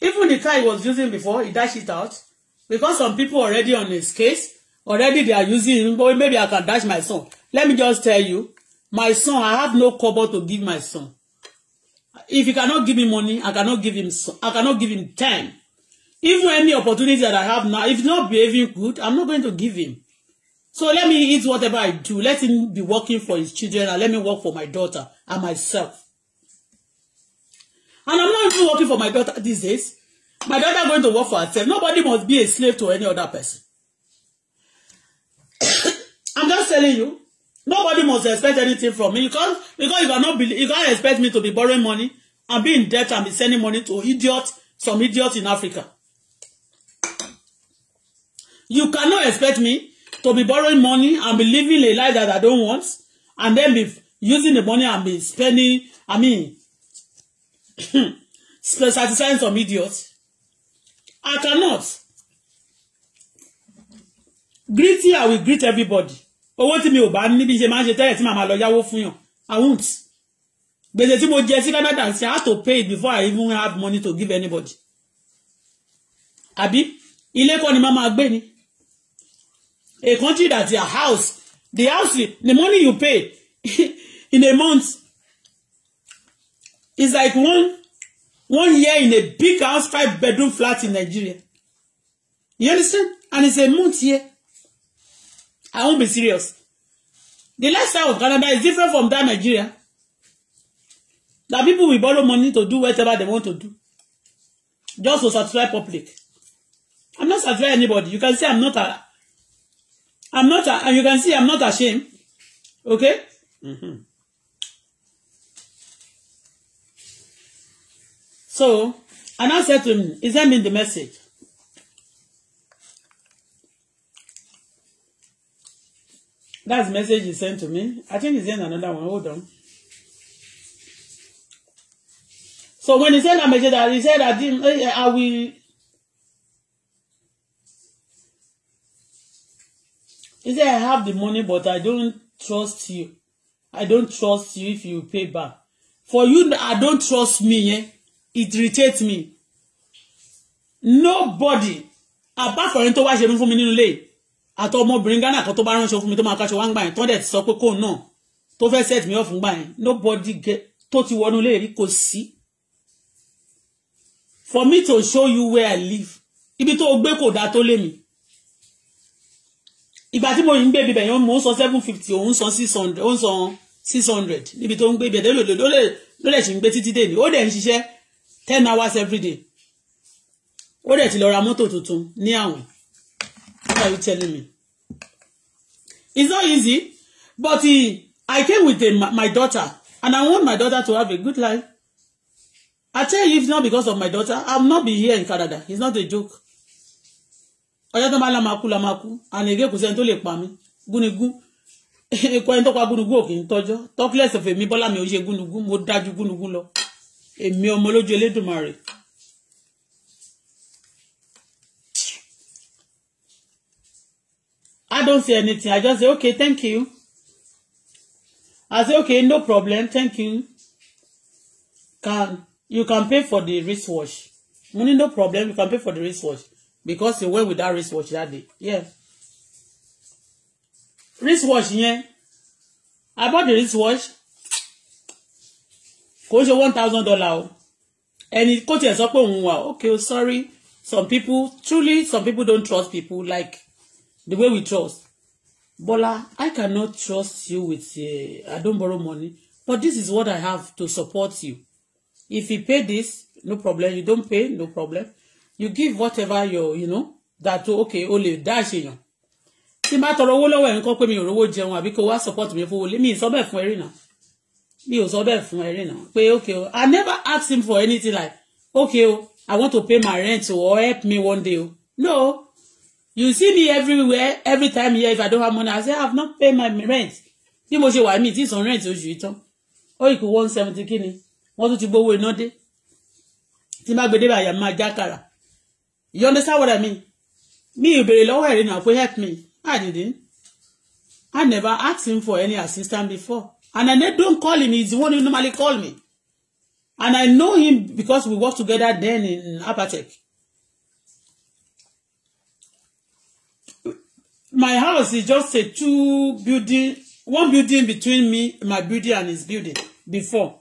Even the car he was using before, he dashed it out. Because some people already on his case, already they are using, him. but maybe I can dash my son. Let me just tell you, my son, I have no cobble to give my son. If you cannot give me money, I cannot give him, I cannot give him time. Even any opportunity that I have now, if he's not behaving good, I'm not going to give him. So let me eat whatever I do. Let him be working for his children and let me work for my daughter and myself. And I'm not even working for my daughter these days. My daughter going to work for herself. Nobody must be a slave to any other person. I'm just telling you. Nobody must expect anything from me because because you cannot believe you can't expect me to be borrowing money and be in debt and be sending money to idiots, some idiots in Africa. You cannot expect me to be borrowing money and be living a life that I don't want and then be using the money and be spending I mean satisfying some idiots. I cannot. Greeting, I will greet everybody. But what mi ò bá níbi ṣe máa ń ṣe tẹ́lẹ̀ tí màmá lọ yáwó I won't. Gbèsè tí mo jẹ Canada I have to pay it before I even have money to give anybody. Abi, ilé kọ́ ni màmá gbé A country that your house, the house, the money you pay in a month It's like one one year in a big house, five bedroom flat in Nigeria. You understand? And it's a month here. I won't be serious. The lifestyle of Canada is different from that Nigeria. That people will borrow money to do whatever they want to do. Just to satisfy public. I'm not satisfying anybody. You can see I'm not a I'm not a, and you can see I'm not ashamed. Okay? Mm-hmm. So and I said to him, "Is that mean the message. That's the message he sent to me. I think he sent another one. Hold on. So when he sent that message, he said, I didn't, eh, eh, I will. He said, I have the money, but I don't trust you. I don't trust you if you pay back. For you, I don't trust me. Eh? it irritates me nobody apart from ẹni tó wá ṣe fún mi nínú ilé àtọ ọmọbìnrin Ghana kan tó bá ránṣọ fún mi tó máa káṣọ wá ń gbà yẹn tó dẹ̀ ti sọ pé kóun náà tó set me off ń gbà nobody get tó ti wọnú ilé rí kò sí for me to show you where I live ibi tó gbé kò dáa tó lé mi ìgbà tí mo ń gbé ibibẹ̀ yẹn mo ń san seven fifty òun san six hundred òun san six hundred níbi tó ń le, ibẹ̀ le, lè ló lè ṣì ń gbé títí dé ni ó dẹ̀ ń ṣiṣẹ́ ten hours every day ó dẹ̀ ti lọ ra mọ́tò tuntun ní àwìn what are you telling me it's not easy but I came with my daughter and I want my daughter to have a good life I tell you if not because of my daughter I will not be here in Canada it's not a joke ọjọ́ tó bá la máa kú la máa kú àná ègé kò sẹ́ni tó lè pa mí gúnigún ẹni tó pa gúnigún of emibola bọ́lá mi ò ṣe gúnigún mo dájú gúnigún lọ èmi ọmọ lójú Elédùmarè I don't say anything I just say okay thank you I say okay no problem thank you can you can pay for the wristwatch money no problem you can pay for the wristwatch because you went with that wristwatch that day yeah wristwatch yẹn yeah. I bought the wristwatch kò ṣe one thousand dollar o ẹni kó tiẹ̀ sọ pé òun wà okay o sorry some people truly some people don't trust people like the way we trust Bola I cannot trust you with uh, I don't borrow money but this is what I have to support you if you pay this no problem you don't pay no problem you give whatever your you know that okay o lè dá àṣeyàn tí n bá tọrọ owó lọ́wọ́ ẹ̀ ń kọ́ mi ò rówó jẹun àbí kó wá support mi fowó lé mi ìsọ́bẹ̀ fún ẹ̀rí mi ò sọ bẹ́ẹ̀ fún ẹ rìnà pé okay I never ask him for anything like okay I want to pay my rent or help me one day no you see me everywhere every time here if I don't have money I say I have not paid my rent bí mo ṣe wà mí tí san rent oṣù yìí tán ó yìí kú one seventy kíni wọ́n tún ti gbowó iná dé tí má gbé débà yà máa jákàrà you understand what I mean mi ìbèrè lọ́wọ́ ẹ̀rí náà pé help me I didn't I never asked him for any assistance before And I don't call him. He's the one who normally call me. And I know him because we worked together then in Apatech. My house is just a two building, one building between me, my building and his building before.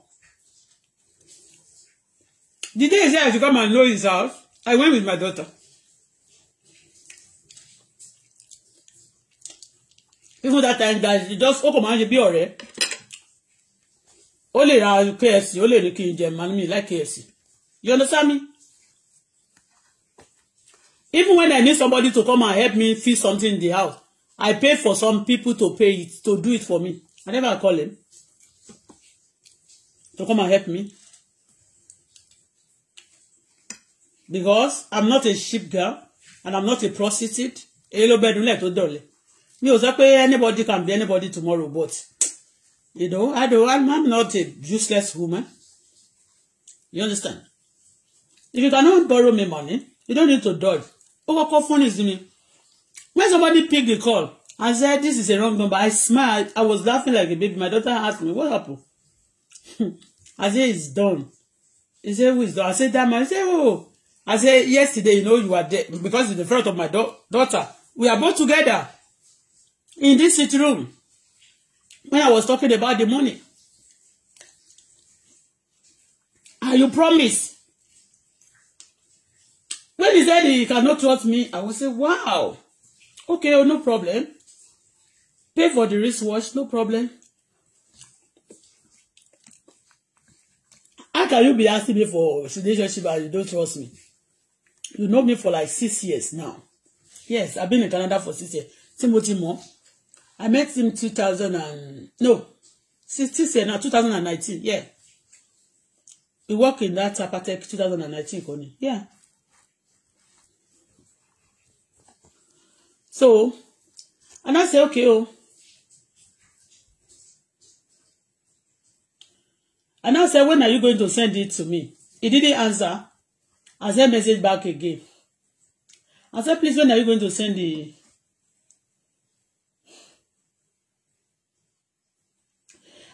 The day I to come and know his house, I went with my daughter. Even that time that just open my be already ó lè ra KFC ó lè ní kí n jẹ màá like KFC you understand me even when I need somebody to come and help me fix something in the house I pay for some people to pay it to do it for me I never call them to come and help me because I'm not a sheep girl and I'm not a prostitute èyí ló bẹ́ẹ̀ dúnlẹ̀ tó mi ò sọ pé anybody can be anybody tomorrow but. You know, I do. I'm, I'm not a useless woman. You understand? If you cannot borrow me money, you don't need to dodge. Oh, call phone is me. When somebody picked the call and said, this is a wrong number, I smiled. I was laughing like a baby. My daughter asked me, what happened? I said, it's done. He said, who is done? I said, that man. He said, oh. I said, yesterday, you know, you were there because in the front of my daughter. We are both together in this sitting room when I was talking about the money. And you promise. When he said he cannot trust me, I would say, wow. Okay, oh, no problem. Pay for the wristwatch, no problem. How can you be asking me for relationship and you don't trust me? You know me for like six years now. Yes, I've been in Canada for six years. Timothy Moore. I met him 2000 and no, 16 year now 2019. Yeah, we work in that Apatec 2019, Connie. Yeah. So, and I say okay, oh. And I said, when are you going to send it to me? He didn't answer. I sent message back again. I said, please, when are you going to send the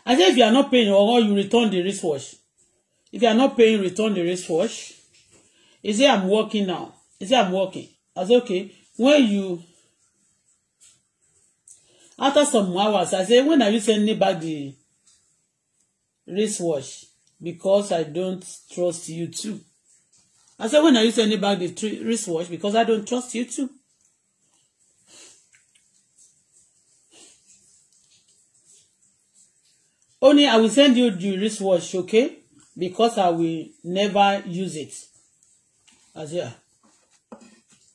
I say if you are not paying or you return the wristwatch. If you are not paying, return the wristwatch. He say I'm working now. He say I'm working. I say okay. When you after some hours, I say when are you sending back the wristwatch? Because I don't trust you too. I said, when are you sending back the wristwatch? Because I don't trust you too. ó ní i will send you the wristwatch okay because i will never use it as yeah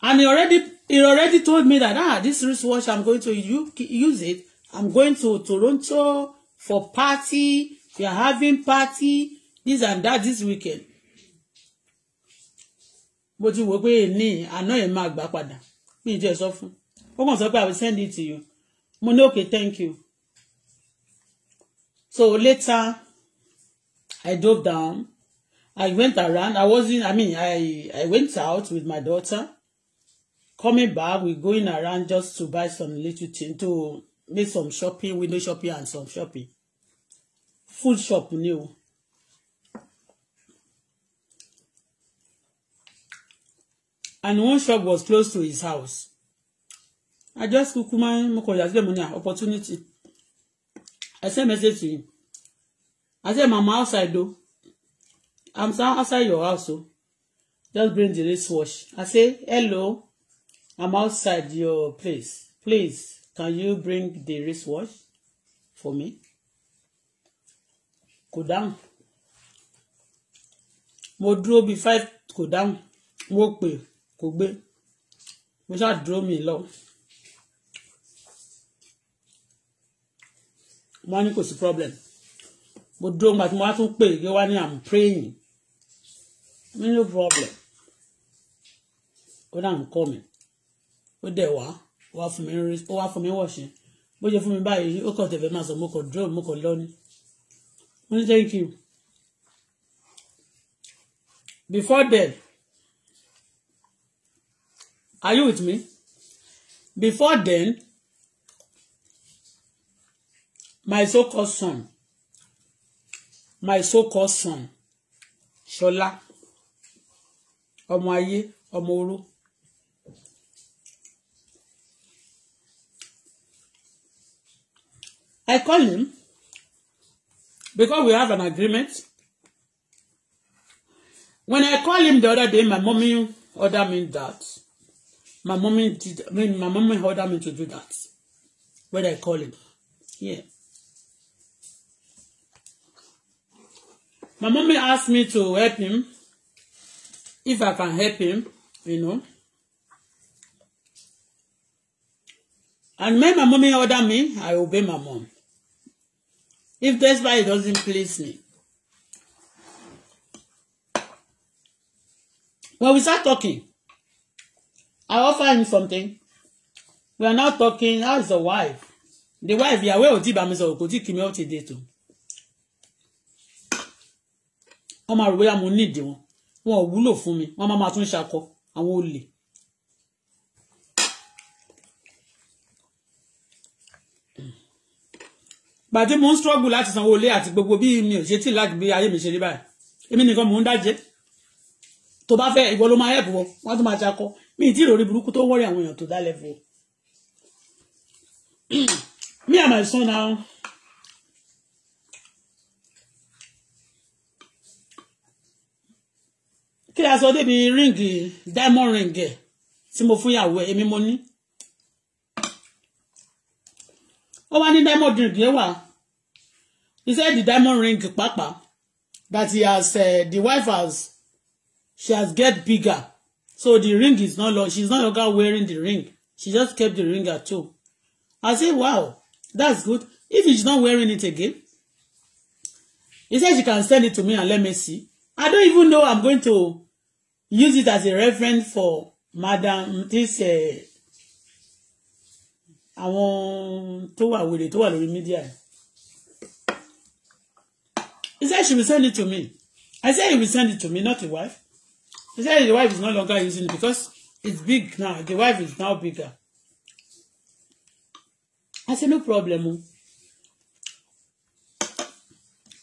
and he already he already told me that ah this wristwatch i'm going to use it i'm going to Toronto for party we are having party this and that this weekend mo ti wò pé ní àná ẹ̀ máa gbà padà mi ì jẹ́ sọ fún ó kàn sọ pé i will send it to you mo ní okay thank you So later, I dove down. I went around. I wasn't, I mean, I, I went out with my daughter. Coming back, we're going around just to buy some little thing to make some shopping, window shopping and some shopping. Food shop ni And one shop was close to his house. I just kúkú my ń mọ̀kànlá sílẹ̀ ah, opportunity I send message to him. I said, Mama, outside though. I'm outside your house, so just bring the wash." I say, hello, I'm outside your place. Please, can you bring the wash for me? Kò dáhùn. Mo dúró bíi five kò dáhùn. Mo pè kò gbé. Mo ṣáà dúró mi lọ. mo wá ní kò sí problem mo dúró nígbà tí mo wá tún pè é wá ní i'm praying mi no problem ó dáhùn kọ́ mi ó dẹ̀ wá ó wá fún mi ó wá fún mi wọ̀ṣẹ́ bó ṣe fún mi báyìí ó kàn tẹ̀fẹ́ máa sọ mo kàn dúró mo kàn lọ mo ní thank you before then are you with me before then my so-called son my so-called son ṣọlá ọmọ ayé ọmọ oró I call him because we have an agreement when I call him the other day my mommy order me that my mommy did I mean my mommy order me to do that when I call him yeah. my mommy asked me to help him if I can help him you know and when my mommy order me I obey my mom if that's why it doesn't please me when we start talking I offer him something we are now talking how is the wife the wife yahweh ò tí ì bá mi sọ̀rọ̀ kò tí ì kì mí up to date o. wọ́n máa rò bóyá mo nídìí wọn wọn ò wúlò fún mi wọ́n máa máa tún ṣakọ àwọn olè. gbàtí mo ń struggle láti sanwó ilé àti gbogbo bí mi ò ṣe tí láti gbé ayé mi ṣe rí báyìí èmi nìkan mò ń dájẹ́ tó bá fẹ́ ìwọ ló máa help wọn wọ́n tún máa ṣakọ mi ì tí ìròrí burúkú tó wọ́rí àwọn èèyàn tó dá lẹ́fẹ̀ẹ́. me and my kí la sọ débi ríǹgì diamond ring ẹ̀ tí mo fún ìyàwó ẹ̀ èmi mo ní ó wá ní diamond ring yẹn wà he said the diamond ring pàápàá that he has uh, the wife has she has get bigger so the ring is not long she is not longer wearing the ring she just kept the ring at home I say wow that's good if he's not wearing it again he said she can send it to me and let me see I don't even know I'm going to use it as a reference for madam this eh, àwọn tó wà wèrè tó wà lórí media he said she will send it to me I said he will send it to me not the wife he said the wife is no longer using it because it's big now the wife is now bigger I said no problem o oh.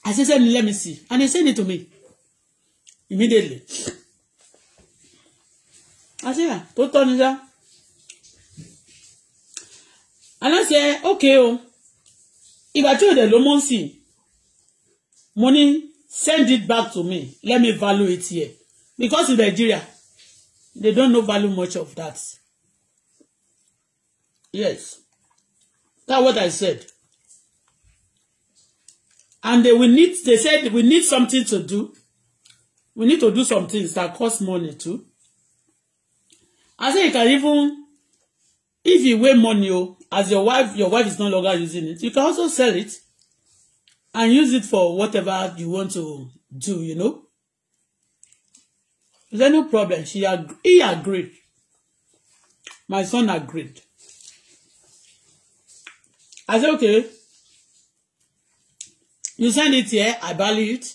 I said send it let me see and he send it to me immediately. Ah, àṣìyà tó tọ́ ni sá aláṣẹ òkè o ìgbà tí òde ló mọ́ sí mo ní send it back to me let me value it here because in Nigeria they don't know value much of that yes that what I said and they will need they said we need something to do we need to do some things that cost money too I say you can even if you weigh money o as your wife your wife is no longer using it you can also sell it and use it for whatever you want to do you know there's no problem she ag he agreed my son agreed I said okay you send it here I buy it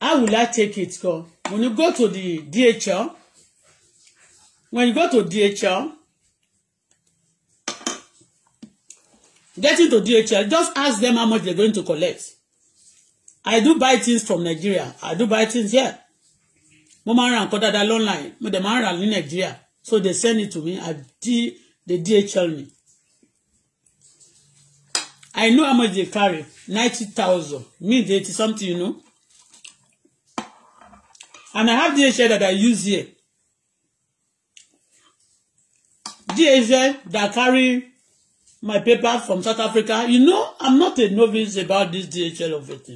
how will I take it go when you go to the DHL When you go to DHL, getting to DHL, just ask them how much they're going to collect. I do buy things from Nigeria. I do buy things here. Mo máa ń online. Mo dẹ̀ máa ń Nigeria. So they send it to me. I D they DHL me. I know how much they carry. Ninety thousand. Means eighty something, you know. And I have DHL that I use here. DHL that carry my paper from South Africa, you know, I'm not a novice about this DHL of it.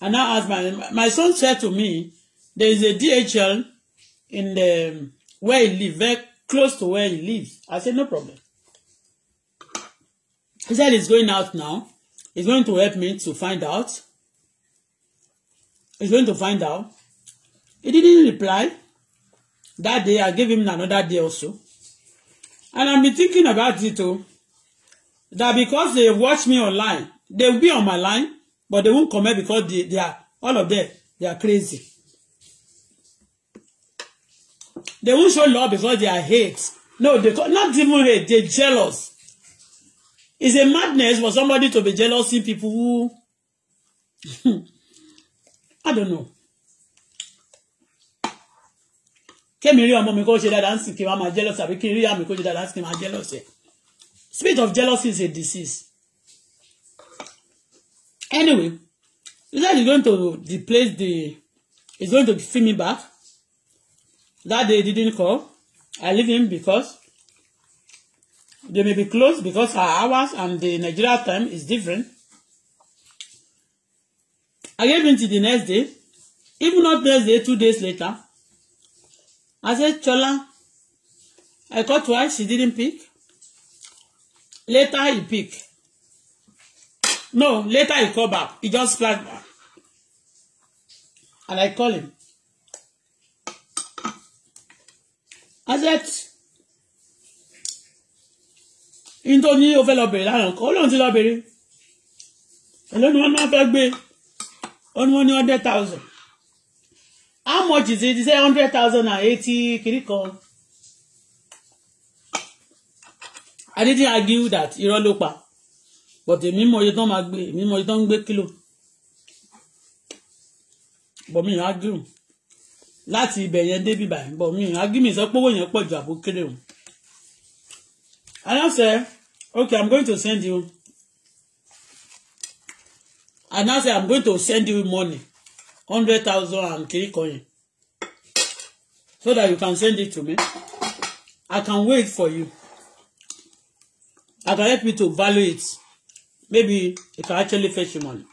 And I asked my my son said to me, there is a DHL in the where he lives, very close to where he lives. I said, no problem. He said he's going out now. He's going to help me to find out. He's going to find out. He didn't reply. That day, I gave him another day also and i'm thinking about it too. Oh, that because they watch me online they will be on my line but they won't comment because they, they are all of them they are crazy they won't show love because they are hate no they not even hate they jealous it's a madness for somebody to be jealous. jealousy people who I don't know kémi rí ọmọ mi kó ṣe dáadáa ń sìn kí n máa jealous àbí kí n rí àmì kó ṣe dáadáa ń sìn kí n máa jealous ẹ spirit of jealousy is a disease anyway he said he's going to replace the he's going to see me back that day he didn't call I leave him because they may be close because our hours and the Nigeria time is different I gave him till the next day even not next day two days later I said, Chola, I got why she didn't pick. Later he pick. No, later he call back. He just flat back. And I call him. I said, Into ni o fẹ́ lọ bèrè lánàá kan, olóhùn ti lọ bèrè. Èló ni wọ́n máa fẹ́ gbé? Ó ní wọ́n ní hundred thousand how much is it Is it hundred thousand and eighty Can kiri kan I didn't argue that You don't look back. but èmi mọ you don't máa Me, èmi you don't tó kilo. but me, argue láti ibẹ̀ yẹn débi báyìí but mi argue mi sọ pé owó yẹn pọ̀ ju àbó kéré o I now say okay I'm going to send you I now say I'm going to send you money hundred thousand and kiri kan so that you can send it to me I can wait for you I can help you to value it maybe you can actually fetch your money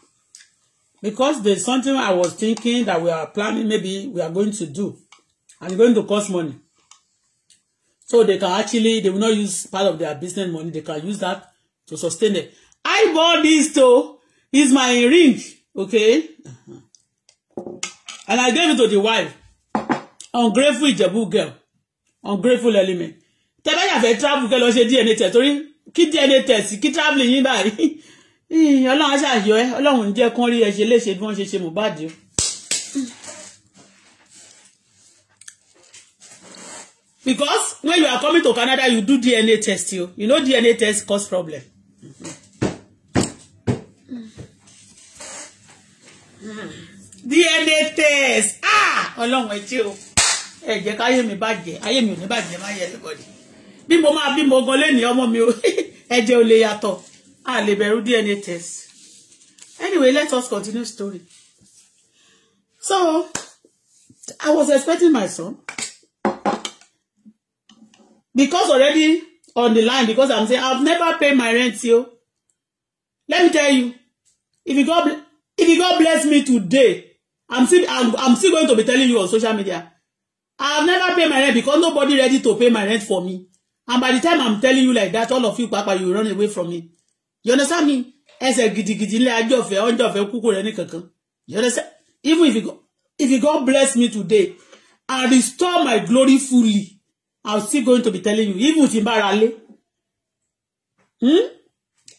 because there's something I was thinking that we are planning maybe we are going to do and it's going to cost money so they can actually they will not use part of their business money they can use that to sustain it I bought this though it's my ring okay. Uh-huh. And I gave it to the wife. Ungrateful Ìjẹ̀bú girl. Ungrateful element. Tẹ́ bá yà fẹ́ travel kẹ́ lọ ṣe DNA test torí kí DNA test kí traveling yín báyìí. Ọlọ́run á ṣàyọ ẹ́. Ọlọ́run ń jẹ́ kán rí ẹ ṣe léṣe bí wọ́n ṣe ṣe Mohbad o. Because when you are coming to Canada, you do DNA test. You, you know DNA test cause problem. Mm-hmm. mm DNA test ah ọlọ́run ẹ ṣé o ẹ jẹ́ káyé mi bàjẹ́ ayé mi ò ní bàjẹ́ má yẹ lẹ́kọ̀ọ́dì bí mo máa bímọ gan lé ní ọmọ mi o ẹ̀jẹ̀ ò lè yàtọ̀ a lè bẹ̀rù DNA test anyway let us continue story so I was expecting my son because already on the line because I'm saying I've never paid my rent yo let me tell you if you God if you God bless me today I'm still I'm, I'm still going to be telling you on social media. I've never paid my rent because nobody ready to pay my rent for me. And by the time I'm telling you like that, all of you, Papa, you run away from me. You understand me? As a gidi Ẹsẹ̀ gidigidi ilé ajọ́fẹ́ ọjọ́fẹ́ kúkú rẹ̀ nìkankan. You understand? Even if you go, if you God bless me today and restore my glory fully, I'm still going to be telling you, even with Imbarale. Hmm?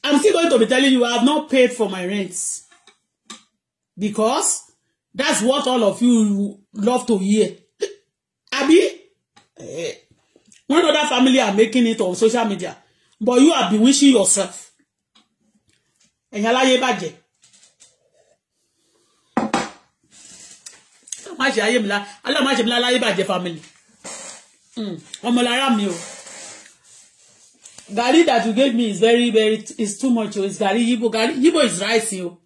I'm still going to be telling you I have not paid for my rents Because that's what all of you love to hear abi eh, one other family are making it on social media but you are bewitching yourself Enyala aláyé bàjẹ́ má ṣe ayé mi lá aláwọ̀ má ṣe mi lá láyé bàjẹ́ family hmm, ọmọlára mi o garri that you gave me is very very It's too much It's is garri yibo garri yibo is rice o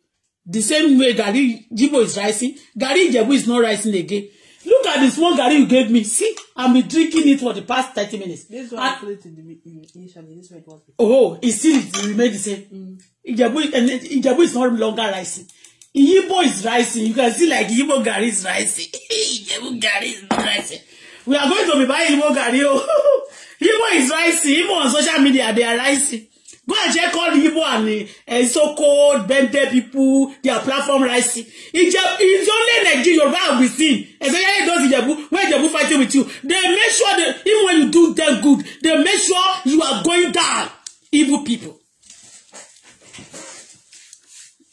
the same way Gari Jibo is rising, Gari Ijebu is not rising again. Look at this one Gari you gave me. See, I've been drinking it for the past 30 minutes. This one I, put it in the in initially. This one it was. Oh, it still it remained the same. Mm. Ijebu, and Ijebu is no longer rising. Iyibo is rising. You can see like Iyibo Gari is rising. Ijebu Gari is not rising. We are going to be buying Iyibo Gari. Oh. Iyibo is rising. Even on social media, they are rising. Go and check all the Igbo and uh, so-called bended people, their platform rising. It's, it's only Nigeria Yoruba we see, especially those in Ijebu, when Ijebu fighting with you. They make sure that even when you do them good, they make sure you are going down, evil people.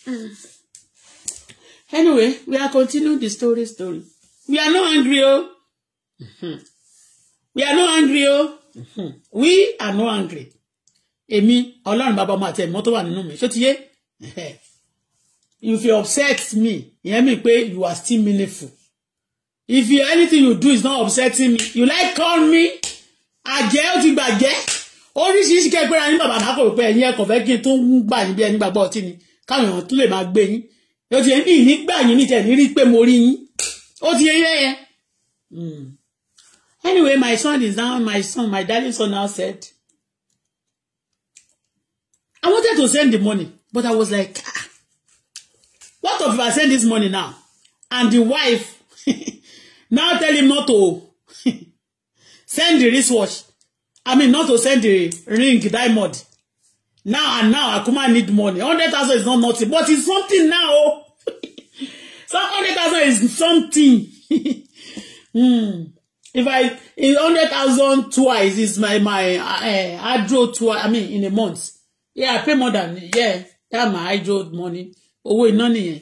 Mm. Anyway, we are continuing the story story. We are not angry, oh. Mm-hmm. We are not angry, oh. Mm-hmm. We are not angry èmi ọlọ́run bàbá ọmọ àti ẹ̀mọ́ tó wà nínú mi ṣó ti yé if you upset me ìyẹn mi pé you are still meaningful if you, anything you do is not upsetting me you like call me àjẹ́ ó ti gbàjẹ́ oríṣiríṣi kẹgbẹ́ra ní bàbá àbá kò rò pé ẹ̀yin ẹ̀kọ́ fẹ́ kí n tó ń gbà yín bí ẹni gbàgbọ́ ọtí ni káwọn èèyàn tún lè máa gbé yín ó ti yẹ ní ìnígbà yín níjẹ̀ ní rí pé mo rí yín ó ti yẹ yẹ́yẹ. Hmm. anyway my son is now my son my darling son now said I wanted to send the money, but I was like, ah, what if I send this money now? And the wife now tell him not to send the wristwatch. I mean, not to send the ring diamond. Now and now, Akuma need money. 100,000 is not nothing, but it's something now. so 100,000 is something. mm. If I, in 100,000 twice is my, my, uh, I uh, draw twice, I mean, in a month yeah I pay more than yeah that my hydro money owó iná nìyẹn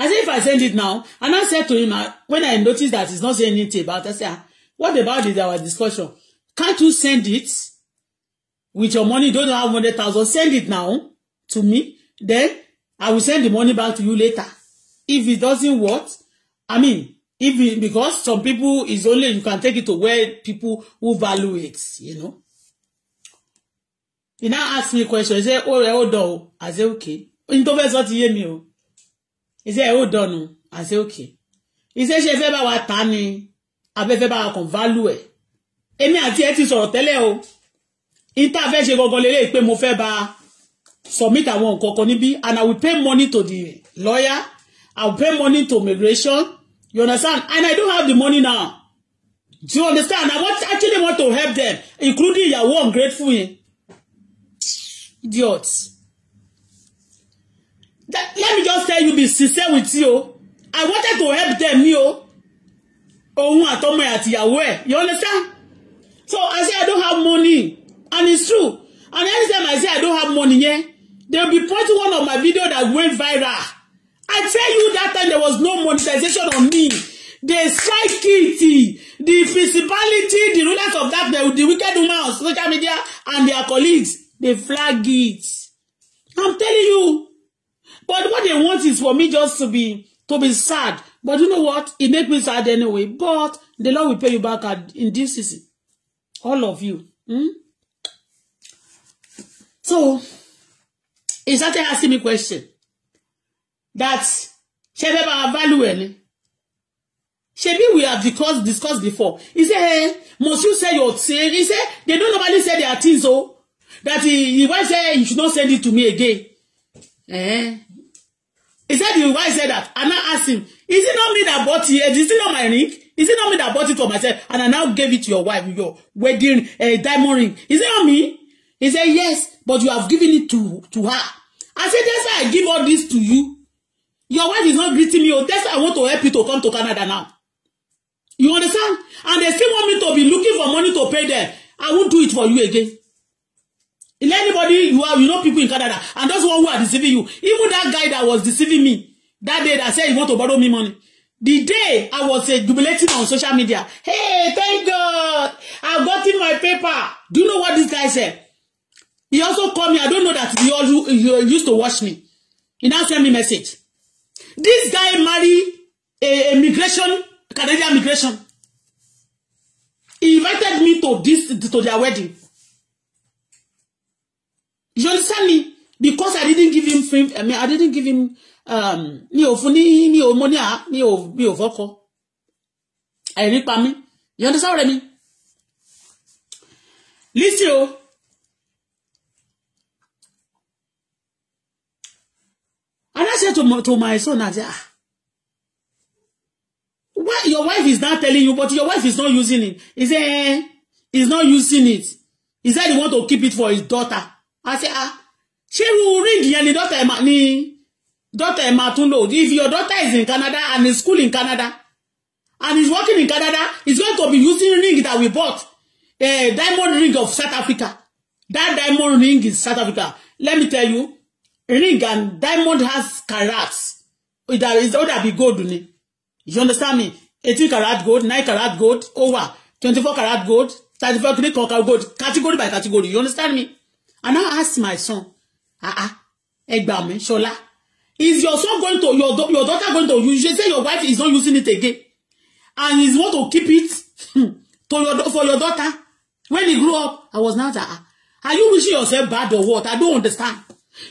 I say if I send it now and I said to him I, when I notice that he's not saying anything about it I say ah what about this our discussion can't you send it with your money don't have hundred thousand send it now to me then I will send the money back to you later if it doesn't work I mean even because some people is only you can take it to where people who value it you know he now ask me question he say "Oh, rẹ hold dọ i say okay n tó fẹ́ sọ ti yé mi o he say hold dọ nu i say okay he say ṣe fẹ́ bá wa ta ni abẹ́fẹ́ bá wa kàn value ẹ̀ èmi àti ẹ ti sọ̀rọ̀ tẹ́lẹ̀ o ìta fẹ́ ṣe gangan lélẹ̀ pé mo fẹ́ bá submit àwọn nǹkan kan níbí and i will pay money to the lawyer i will pay money to immigration you understand and i don't have the money now do you understand i want actually want to help them including your ungrateful yẹn idiots. That, let me just tell you be sincere with you I wanted to help them me o òun àtọmọ ẹ̀ you understand so I say I don't have money and it's true and anytime I say I don't have money yẹn yeah, they be pointing one of my video that went viral I tell you that time there was no monetization on me The strike the principality the rulers of that the wicked women on social media and their colleagues They flag it. I'm telling you. But what they want is for me just to be to be sad. But you know what? It make me sad anyway. But the Lord will pay you back at, in this season. All of you. Hmm? So, he started asking me question. That, Shebe ba value any? Shebi we have discussed, discussed before. He said, hey, must you say your thing? He said, they don't normally say their things, oh that he, he wife said you should not send it to me again. Eh? He said the wife said that. And I asked him, is it not me that bought it? Is it not my ring? Is it not me that bought it for myself? And I now gave it to your wife, your wedding uh, diamond ring. Is it not me? He said, yes, but you have given it to, to her. I said, that's why I give all this to you. Your wife is not greeting me. Oh, that's why I want to help you to come to Canada now. You understand? And they still want me to be looking for money to pay them. I won't do it for you again. In anybody you are, you know people in Canada, and those one who are deceiving you. Even that guy that was deceiving me that day that said he want to borrow me money. The day I was uh, jubilating on social media, hey, thank God, I've got in my paper. Do you know what this guy said? He also called me. I don't know that he all he used to watch me. He now sent me message. This guy marry a, a migration, Canadian migration. He invited me to this to their wedding you understand me because i didn't give him free i mean i didn't give him um mi ò fún ní mi ò mo ní à mi ò mi ò fọkọ ẹ̀rí pa mí you understand what i mean listen o. Oh. And I said to to my son, I ah, why your wife is not telling you, but your wife is not using it. He said, eh, he's not using it. He said he want to keep it for his daughter àti a ah, ṣé irú ríǹgì yẹn ni dọ́tà ẹ̀ máa ni dọ́tà ẹ̀ máa tún lò if your daughter is in Canada and is school in Canada and is working in Canada is going to be using ring that we bought the diamond ring of South Africa that diamond ring is South Africa let me tell you ring and diamond has carats it is ó be gold ni you understand me eighteen carat gold nine carat gold over twenty-four carat gold thirty-four kìnnìkan gold category by category you understand me I now ask my son ah ah ẹ gbà mí is your son going to your your daughter going to You just say your wife is not using it again and is want to keep it to your for your daughter when he grew up I was now ah ah are you wishing yourself bad or what I don't understand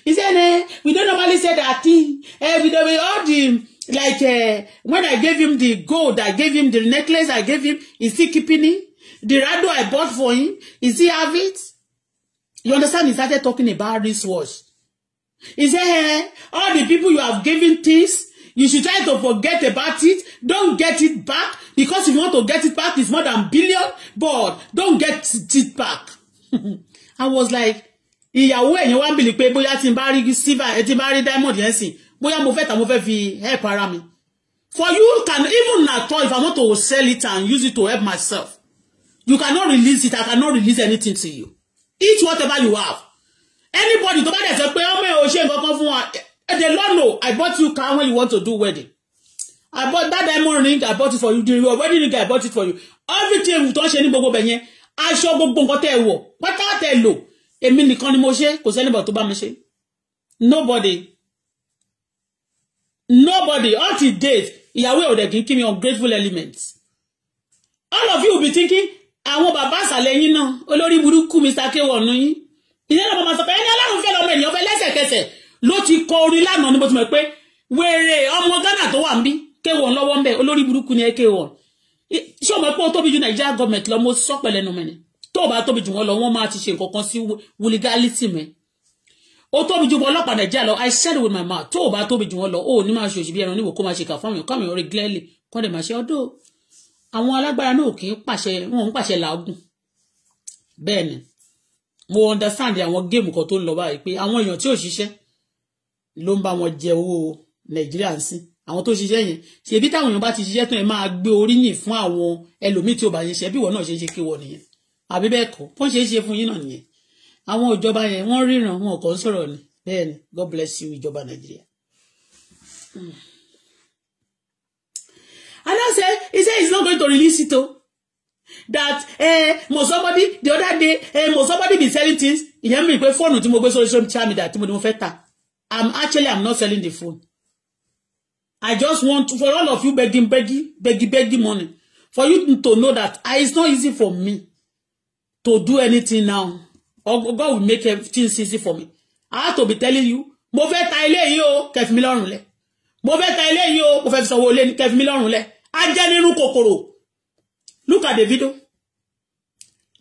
he said eh we don't normally say that thing eh we don't all the like uh, when I gave him the gold I gave him the necklace I gave him is he keeping it the radio I bought for him is he have it You understand? He started talking about wristwatch. He said, hey, all the people you have given things, you should try to forget about it. Don't get it back because if you want to get it back, it's more than billion, but don't get it back. I was like, ìyàwó ẹ̀yìn wá ń bìlì pé bóyá tí n bá rí silver ẹ̀ eh, tí n bá rí diamond yẹn sìn bóyá mo fẹ́ tà mo fẹ́ fi help ara mi. For you can even na talk if I want to sell it and use it to help myself. You cannot release it. I cannot release anything to you eat whatever you have anybody tó bá dẹ̀ sọ pé ọmọ oh, ẹ̀ ò ṣe nǹkan kan fún wa ẹ̀dẹ̀ lọ́nà i bought you car when you want to do wedding i bought that diamond ring i bought it for you the your wedding ring i bought it for you everything tó ń ṣe ní gbogbo bẹ̀ yẹn aṣọ gbogbo nǹkan tẹ́ ẹ wọ̀ pátá tẹ́ ẹ lò èmi nìkan ni mo ṣe kò sẹ́nìbọ̀ tó bá mi ṣe nobody nobody until date ìyàwó ẹ̀ ò dẹ̀ kí n kí mi ungrateful elements all of you will be thinking àwọn bàbá àṣàlẹ̀ yín náà olórí burúkú mr kewọ̀nù yín ìyẹn lọ́mọ máa sọ pé ẹni ọlọ́run fẹ́ lọ́mọ ènìyàn fẹ́ lẹ́sẹ̀kẹsẹ̀ ló ti kọ orin lánàá ni mo ti mọ̀ pé wèrè ọmọ ghana tó wà ń bí kewọ̀n lọ́wọ́ ń bẹ̀ olórí burúkú ni ẹ kewọ̀n ṣé o mọ̀ pé o tóbi ju nàìjíríà gọ́ọ̀mẹ̀tì lọ mo sọ pẹ̀lẹ́nu mẹ́ni tó o bá tóbi jù wọ́n lọ wọ́n máa ti ṣe nǹkan kan sí wùlígálítì mẹ́ o tóbi ju ọlọ́pàá nàìjíríà lọ i said with my mouth tó o bá tóbi jù wọ́n lọ o ò ní máa ṣe òṣì bí ẹran níwò kó máa ṣe kà fáwọn èèyàn káwọn èèyàn rí gílẹ́lì kọ́ndẹ̀ máa ṣe ọdún àwọn alágbára náà kì í pàṣẹ wọn ń pàṣẹ làágùn bẹ́ẹ̀ ni mo understand àwọn géèmù kan tó ń lọ báyìí pé àwọn èèyàn tí ò ṣiṣẹ́ ló ń bá wọn jẹ owó nàìjíríà ń sìn àwọn tó ṣiṣẹ́ yẹn ṣebí táwọn èèyàn bá ti ṣiṣẹ́ tán ẹ máa gbé oríyìn fún àwọn ẹlòmíì tí ò bá ṣiṣẹ́ bí ìwọ náà ṣe ṣe kí wọ nìyẹn àbí bẹ́ẹ̀ kọ́ wọ́n ṣe é ṣe fún yín náà nìyẹn àwọn ìjọba yẹn wọ́n ríran wọn kàn ń sọ̀rọ̀ ni bẹ́ẹ̀ ni God bless you ìjọba nàìjíríà. Hmm. aláṣẹ He said he's not going to release it Oh, That eh, must somebody the other day eh, must somebody be selling things. He had me fóònù tí mo gbé sórí social I'm actually I'm not selling the phone. I just want for all of you begging, begging, begging, begging money. For you to know that I, it's not easy for me to do anything now. Or God will make everything easy for me. I have to be telling you, mo fẹ́ ta ilé yìí o, kẹ́ fi mí lọ́rùn lẹ̀. Mo fẹ́ ta ilé yìí ajẹ́nirú kòkòrò look at Davido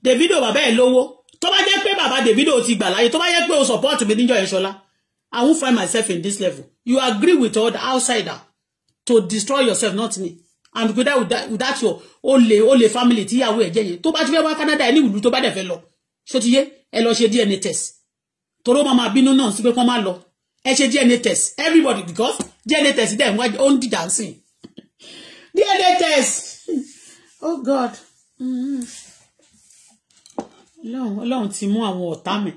Davido bàbá ẹ̀ lówó tó bá jẹ́ pé bàbá Davido ti gbà láyé tó bá jẹ́ pé o support mi níjọ́ yẹn I won't find myself in this level you agree with all the outsider to destroy yourself not me and without with that, with that your olè olè family tíyàwó ẹ̀ jẹ́ yẹn tó bá ti fẹ́ wá Canada ẹ̀ ní ìlú tó bá dẹ̀ fẹ́ lọ ṣó ti yé ẹ lọ ṣe DNA test toró máa máa bínú náà sí pé kán má lọ ẹ ṣe DNA test everybody because DNA test dẹ̀ ń wá ó ń dìjà ń sìn DNA test oh God mm-hmm. Ọlọ́run Ọlọ́run ti mú àwọn ọ̀tá mi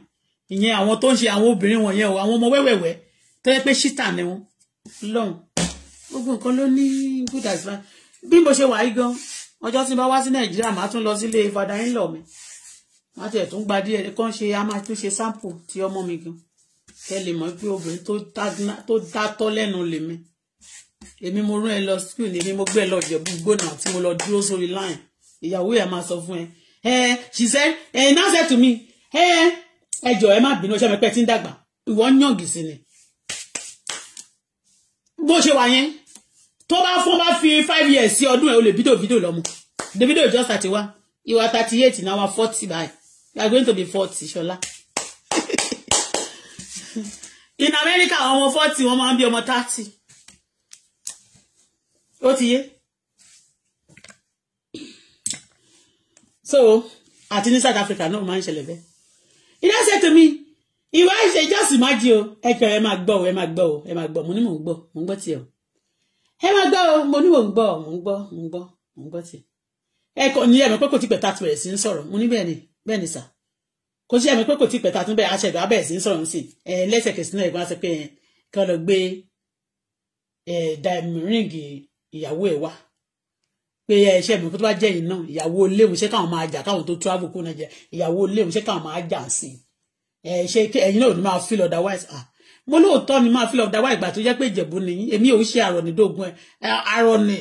ìyẹn àwọn tó ń ṣe àwọn obìnrin wọ̀nyẹn o àwọn ọmọ wẹ́wẹ̀wẹ́ tó yẹ pé ṣítà ni wọn Ọlọ́run gbogbo nǹkan ló ní good as fine bí mo ṣe wà yí gan ọjọ́ tí n bá wá sí Nàìjíríà màá tún lọ sílé fada yín lọ mi màá tiẹ̀ tún gba díẹ̀ kán ṣe a máa tún ṣe sample ti ọmọ mi gan kẹ́ lè mọ̀ pé obìnrin tó dátọ́ lẹ́nu lèmi èmi mo rán ẹ lọ school èmi mo gbé ẹ lọ jẹ̀bú gbóná tí mo lọ dúró sórí line ìyàwó ẹ̀ máa sọ fún ẹ ẹ she said ẹ now said to me ẹ ẹ jọ̀ọ́ ẹ má bínú ọṣẹ́ mi pẹ́ tí ń dàgbà ìwọ ń yàngì sí ni bó ṣe wà yẹn tó bá fún bá fi five years sí ọdún ẹ o lè bídò bídò video is just thirty one you are thirty eight now are forty by you are going to be forty ṣọlá in America àwọn ọmọ forty wọn máa ń bí ọmọ thirty ó ti yé so àti ní South Africa náà máa ń ṣẹlẹ̀ bẹ́ẹ̀ iná ṣe to me ìwà ìṣe just imagine o ẹ jọ ẹ máa gbọ́ o ẹ máa gbọ́ o ẹ máa gbọ́ mo ní mò ń gbọ́ mò ń gbọ́ tiẹ̀ o ẹ máa gbọ́ o mo ní mò ń gbọ́ o mò ń gbọ́ mò ń gbọ́ mò ń gbọ́ tiẹ̀ ẹ kọ ní ẹ̀mí pé kò tí pẹ̀ tá a ti bẹ̀rẹ̀ sí ń sọ̀rọ̀ mo ní bẹ́ẹ̀ ni bẹ́ẹ̀ ni sà kò sí ẹ̀mí pé kò tí pẹ̀ tá a tún bẹ̀rẹ̀ aṣẹ ìdá bẹ̀rẹ̀ sí ń sọ̀rọ̀ sí ẹ lẹ́sẹ̀kẹsẹ̀ náà ìgbọ́n aṣọ pé kí wọ́n lọ gbé ẹ̀ dàmírìngì ìyàwó ẹ̀ wá pé ẹṣẹ mi kó tó bá jẹ́ yìí náà ìyàwó ilé ìwòsẹ káwọn máa jà káwọn tó travel kó nàìjẹ ìyàwó ilé ìwòsẹ káwọn máa jà sí ẹṣẹ ẹ̀yin náà ò ní máa feel otherwise ah mo lóòótọ́ ni máa feel otherwise ìgbà tó jẹ́ pé ìjẹ̀bú ni èmi ò ṣe àrọ̀nìdógún ẹ àrọ̀nì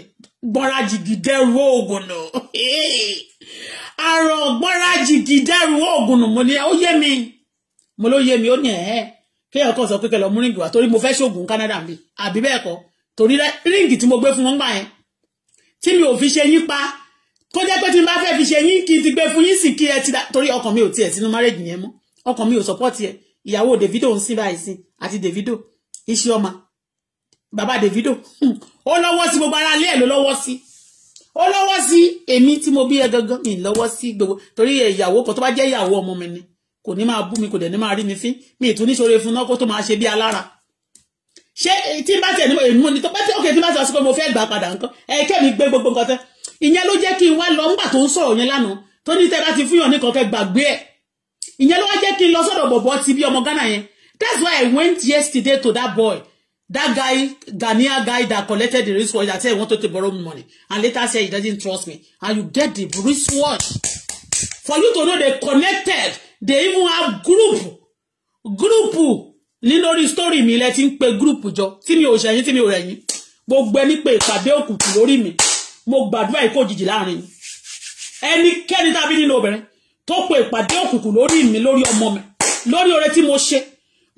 gbọ́nrajì gidẹ́rù oògùn nù àrọ̀ gbọ́nrajì gidẹ́rù oògùn nù mo ní ó yé mi mo ló yé mi ó ní ẹ̀ kéèyàn kan sọ pé kẹlọ múrìngì wá torí mo fẹ́ ṣoògùn Canada mi àbí bẹ́ẹ̀ kọ́ torí ríǹgì tí mo gbé fún wọn gbà yẹn tí mi ò fi ṣe yín pa tó jẹ́ pé tí n bá fẹ́ fi ṣe yín kí n ti gbé fún yín sì kí ẹ ti dá torí ọkàn mi ò tiẹ̀ sínú márẹ́jì yẹn mọ́ ọkàn mi ò sọ́pọ́ọ̀tì ẹ̀ ìyàwó Davido ń sìn báyìí sí àti Davido iṣẹ́ ọmọ bàbá Davido hmm. ó lọ́wọ́ sí gbogbo ara ilé ẹ̀ ló lọ́wọ́ sí ó lọ́wọ́ sí èmi tí mo bí ẹ gangan mi lọ́wọ́ sí gbogbo torí ìyàwó kan tó bá jẹ́ ìyàwó ọmọ mi ni kò ní máa bú mi kò dẹ̀ ní máa rí mi fín mi ì tún níṣòro fún náà kó tó máa ṣe bí alára ṣé eh, tí n bá tiẹ̀ nímọ̀ èmi ni tó bá tiẹ̀ òkè tí n bá tiẹ̀ sọ pé mo fẹ́ gbà padà nǹkan ẹ̀kẹ́ gbé gbogbo nǹkan tẹ́ ìyẹn ló jẹ́ kí n wá lọ ńgbà tó ń sọ̀rọ̀ yẹn lánàá tó ní tẹ́ bá ti fúnyàn nìkan kẹ́ gbàgbé ẹ̀ ìyẹn ló wá jẹ́ kí n lọ sọ́dọ̀ bọ̀bọ̀ ti bí ọmọ Ghana yẹn that's why I went yesterday to that boy that guy Ghanaian guy that collected the wristwatch that said he wanted to borrow me money and later said he doesn't trust me and you get the wristwatch for you to know they connected they even have group group ní lórí story mi lẹ ti ń pe group jọ tí mi ò ṣẹ̀yìn tí mi ò rẹ̀yìn gbogbo ẹni pé ìpàdé òkùnkùn lórí mi mo gbàdúrà ikú òjijì láàrin ẹnikẹ́ni tàbí nínú obìnrin tó pe ìpàdé òkùnkùn lórí mi lórí ọmọ mi lórí oore tí mo ṣe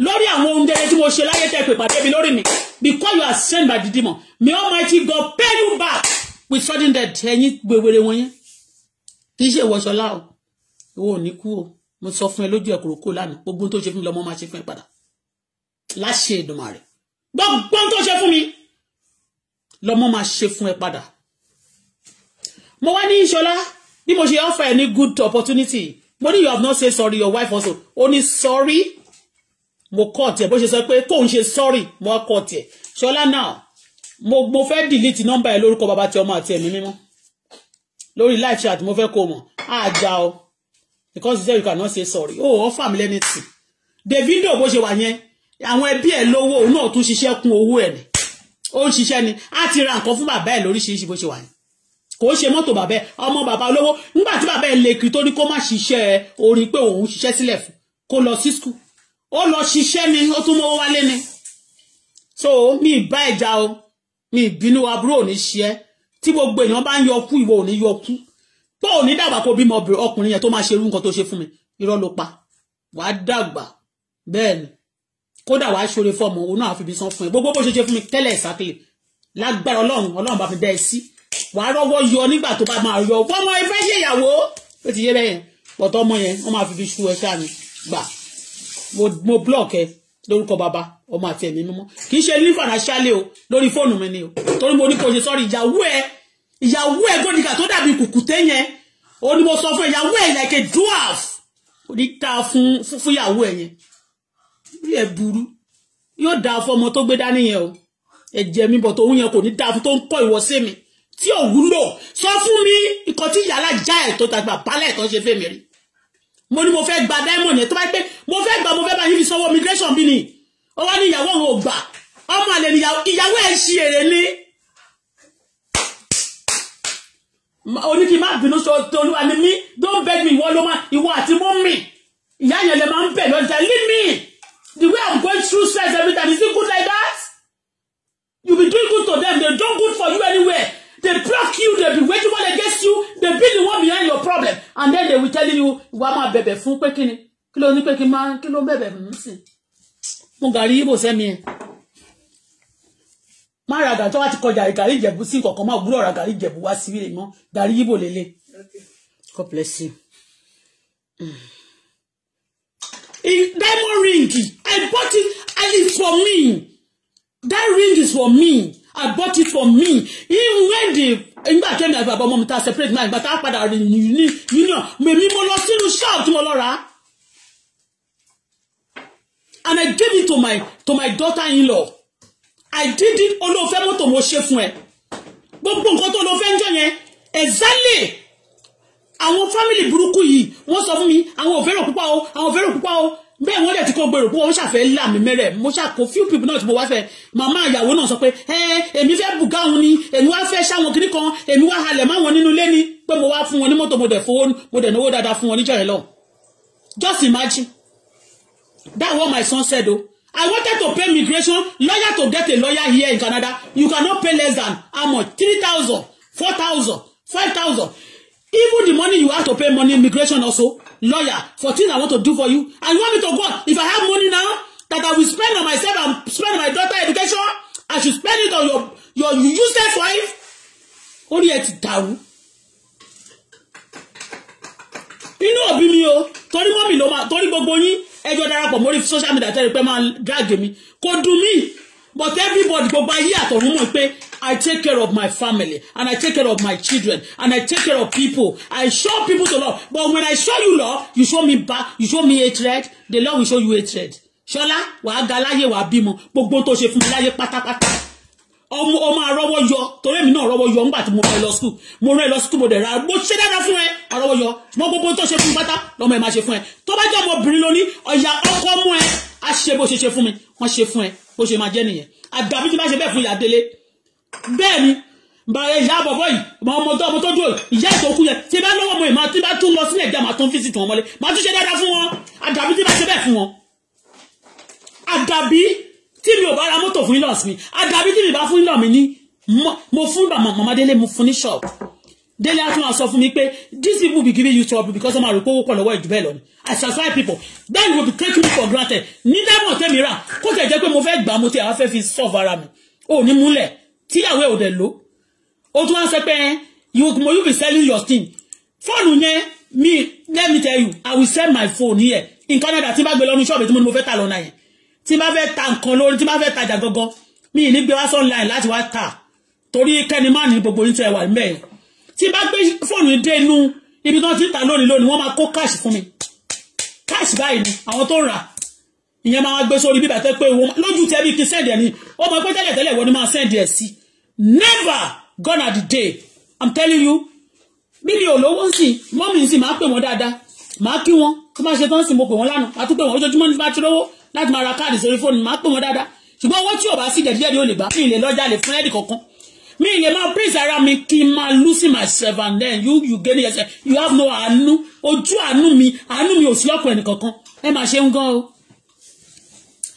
lórí àwọn ohun dẹrẹ tí mo ṣe láyé tẹ́ pé ìpàdé mi lórí mi because you are sent by the demon may almighty god pay you back with sudden death ẹ̀yin gbèwèrè wọn yẹn kì í ṣe ìwọ̀ṣọ́lá o ìwọ ò ní kú o mo sọ fún ẹ lójú ẹ̀kúrò kó lánàá gbogbo tó ṣe fún mi lọ́mọ máa ṣe fún ẹ padà láṣẹ Èdùmàrè gbọ́n tó ṣe fún mi lọ́mọ máa ṣe fún ẹ padà mo wá ní ìṣọlá bí mo ṣe offer ẹ ní good opportunity mo ní you have not said sorry your wife also ó ní sorry mo kọ́ tiẹ̀ bó ṣe sọ pé kóun ṣe sorry mo kọ́ tiẹ̀ ṣọlá now mo mo fẹ́ delete nọ́mbà ẹ lórúkọ bàbá tí ọmọ àti ẹ̀mí mímọ́ lórí live chat mo fẹ́ kó mọ̀ àjà o because you said you cannot say sorry o oh, offer mi lẹ́ni tì Davido bó ṣe wà yẹn àwọn ẹbí ẹ̀ lówó òun náà tún ṣiṣẹ́ kún owó ẹ̀ ni ó ń ṣiṣẹ́ ni á ti ra nǹkan fún bàbá ẹ̀ lóríṣiríṣi bó ṣe wà ní kò ṣe mọ́tò bàbá ẹ̀ ọmọ bàbá olówó nígbà tí bàbá ẹ̀ lè kiri tó ní kó má ṣiṣẹ́ orin pé òun ṣiṣẹ́ sílẹ̀ fún kó lọ sí skul ó lọ ṣiṣẹ́ ni ó tún mọ́wọ́ wálé ni so mi bá ìjà o mi bínú àbúrò ò ní ṣe é tí gbogbo èèyàn bá ń yọ kú ìwọ ò ní yọ kú pé ò ní dàgbà kó bímọ ọkùnrin yẹn tó máa ṣe irú nǹkan tó ṣe fún mi irọ́ ló pa wàá dàgbà bẹ́ẹ̀ ni kódà wàá ṣoore fọmọ òun náà àfibí san fún ẹ gbogbo bó ṣe ṣe fún mi tẹ́lẹ̀ ìsákìlẹ̀ lágbára ọlọ́run ọlọ́run bá fi bẹ́ẹ̀ sí wàá rọ́wọ́ yọ nígbà tó bá máa yọ fọmọ ẹ fẹ́ ṣe ìyàwó ó ti yé bẹ́yẹn pọ̀tọ́ ọmọ yẹn wọ́n máa fi fi ṣu ẹ ṣáà ni gbà mo block ẹ lórúkọ bàbá ọmọ àti ẹ̀mí mímọ́ kì í ṣe ní fàràṣálẹ̀ o lórí fóònù mi ni o torí mo ní kò ṣe sọ́rí ìyàwó ẹ ìyàwó ẹ gòdìgà tó dàbí kùkùté yẹn ó ní mo sọ fún ìyàwó ẹ like a dwarf ó ta fún fún ẹ yẹn orí ẹ̀ burú yóò dáa fún ọmọ tó gbé dání yẹn o ẹ̀jẹ̀ mi bọ̀ tòun yẹn kò ní dáa fún tó ń kọ́ ìwọ sí mi tí ò wúlò sọ fún mi ikọ̀ tí yàrá já ẹ̀ tó tàgbà bálẹ̀ tó ṣe fèmí rí mo ní mo fẹ́ gba diamond yẹn tó bá pé mo fẹ́ gba mo fẹ́ bá yín fi sanwó migration bí ni ó wá ìyàwó òun ò gbà ọmọ àlè ìyàwó ẹ̀ ṣe èrè ni oníkì má bínú tolúwa ni mí don't beg me ìwọ ló má ìwọ àti mọ́ mi ìyá yẹn lè máa ń bẹ̀ lọ́jà lé mi. The way I'm going through stress every time, is it good like that? You'll be doing good to them. They don't good for you anywhere. They block you. They'll be waiting one against you. They be the one behind your problem. And then they will telling you, wàá máa bẹ̀bẹ̀ fún pé kíni. Kí ló ní pé kí máa kí ló bẹ̀bẹ̀ fún sí. Mo gàrí Igbo sẹ́mi ẹ̀. Má ra gàrí tó wá ti kọ gàrí gàrí Ìjẹ̀bú sí nǹkan kan God bless you. Mm. It, diamond ring. I bought it and it's for me. That ring is for me. I bought it for me. Even when the nígbà kẹ́mi àti bàbá ọmọ mi ta separate náà ìgbà a padà rìn ní union mèmí mo lọ sínú shop tí mo lọ rà á. And I gave it to my to my daughter-in-law. I did it olóòfẹ́ mọ́tò mo ṣe fún ẹ. Gbogbo nǹkan tó olóòfẹ́ ń jọ yẹn exactly àwọn fámìlì burúkú yìí wọ́n sọ fún mi àwọn ò fẹ́ràn púpọ̀ o àwọn ò fẹ́ràn púpọ̀ o bẹ́ẹ̀ wọ́n dẹ̀ ti kó gbèrò púpọ̀ wọ́n ṣàfẹ́ là mí mẹ́rẹ̀ mo ṣàkó few people náà tí mo wá fẹ́ màmá ìyàwó náà sọ pé ẹ èmi fẹ́ bùgá òun ni èmi wá fẹ́ ṣáwọn kiri kan èmi wá halẹ̀ máwọn nínú ilé ni pé mo wá fún wọn ní mọ́tò mo dẹ̀ fowó mo dẹ̀ náwó dáadáa fún wọn níjọ́ yẹn lọ just imagine that what my son said o I wanted to pay migration lawyer to get a lawyer here in Canada you cannot pay less than how much three thousand four thousand five thousand Even the money you have to pay money, immigration also, lawyer, for things I want to do for you. And you want me to go, if I have money now, that I will spend on myself and spend on my daughter education, I should spend it on your, your useless wife. Orí ẹ ti dàrú. Inú òbí mi o, torí mọ́mì ló máa, torí gbogbo yín, ẹjọ́ darapọ̀ mórí social media tẹ́lẹ̀ pé máa drag mi. Kò dùn mí but everybody gbogbo ayé àtọ̀run mọ̀ pé I take care of my family and I take care of my children and I take care of people. I show people the love. But when I show you love, you show me back, you show me hatred, the love will show you hatred. Ṣọlá, wàá ga láyé wàá bímọ, gbogbo tó ṣe fún mi láyé pátápátá. Ọmọ ọmọ àrọ́wọ́ yọ, torí èmi náà rọ́wọ́ yọ nígbà tí mo fẹ́ lọ skul. Mo rẹ́ lọ skul mo dẹ̀ ra, mo ṣe dáadáa fún ẹ, àrọ́wọ́ yọ. Mo gbogbo tó ṣe fún mi pátá, lọ́mọ ẹ̀ máa ṣe fún ẹ. Tó bá jẹ́ ọmọbìnrin lóní, ọ̀yà ọkọ mú ẹ, á ṣe bó ṣe ṣe fún mi wọ́n ṣe fún ẹ bó ṣe máa jẹ́ nìyẹn àdàbí tí bá ṣe bẹ́ẹ̀ fún ìyá délé bẹ́ẹ̀ ni bàrẹ̀ ìyá àbọ̀bọ̀ yìí ọmọ ọmọ tó ọmọ tó dúró ìyá ìtòkú yẹn tí bá lọ́wọ́ ọmọ yìí máa tí bá tún lọ sílẹ̀ ìjà máa tún fíìsì tàn ọmọlé máa tún ṣe dáadáa fún wọn àdàbí tí bá ṣe bẹ́ẹ̀ fún wọn àdàbí tí mi ò bá ra mọ́tò fún ilọ̀ sí mi àdàbí tí mi bá fún ilọ̀ mi ní mo fún bàmọ̀ mọ́mọ́délé mo fún ní ṣọ́ọ̀bù délé àti wọn sọ fún mi these people be giving you trouble because ọmọ àròkọ owó pọ̀ lọ́wọ́ ìjù bẹ́ẹ̀ lọ I as people then you will be taking it for granted ní diamond tẹ́mi rà kó tẹ̀ jẹ́ pé mo fẹ́ gbà mo ti àwọn fẹ́ fi solve ara mi ò ní múlẹ̀ tíyàwó ò dẹ̀ lò ó tún wá sọ pé You, you be selling your thing fóònù yẹn me. let me tell you i will sell my phone here in Canada tí n bá gbé lọ́nu ṣọ́ọ̀bù tí mo fẹ́ tà lọ́nà yẹn tí n bá fẹ́ ta nǹkan lórí tí n bá fẹ́ tajà gangan mi ì ní gbé wá online láti wá tà torí kẹ́ni má ní gbogbo oníṣẹ́ wà tí bá gbé fóònù dé inú ibi tó ti ń ta lónìí lónìí wọ́n máa kó káàṣì fún mi káàṣì báyìí ni àwọn tó ń rà ìyẹn máa gbé sórí bíbà tẹ́ pé wọ́n lójú tẹ́ bí kí sẹ́ndì ẹ̀ ni ó mọ pé tẹ́lẹ̀ tẹ́lẹ̀ wọ́n ni máa sẹ́ndì ẹ̀ sí never gone are the day i'm telling you bí mi ò lówó sí mọ́mì sí máa pè wọ́n dáadáa máa kí wọn tó máa ṣe tán sí mo pè wọ́n lánàá máa tún pè wọ́n ojoojúmọ́ ní bá ti rówó láti máa ra káàdì sórí fóònù máa pè wọ́n dáadáa ṣùgbọ́n owó tí ò bá sí dẹ̀díẹ̀dì ò lè bá mi lè lọ́jà lè fún ẹ̀dì kankan Me, you know, please, ara mi kí my losing myself and then you you gain yourself you have no àánú ojú àánú mi àánú mi ò sí ọ̀pọ̀ ẹnìkankan ẹ máa ṣe ń gan o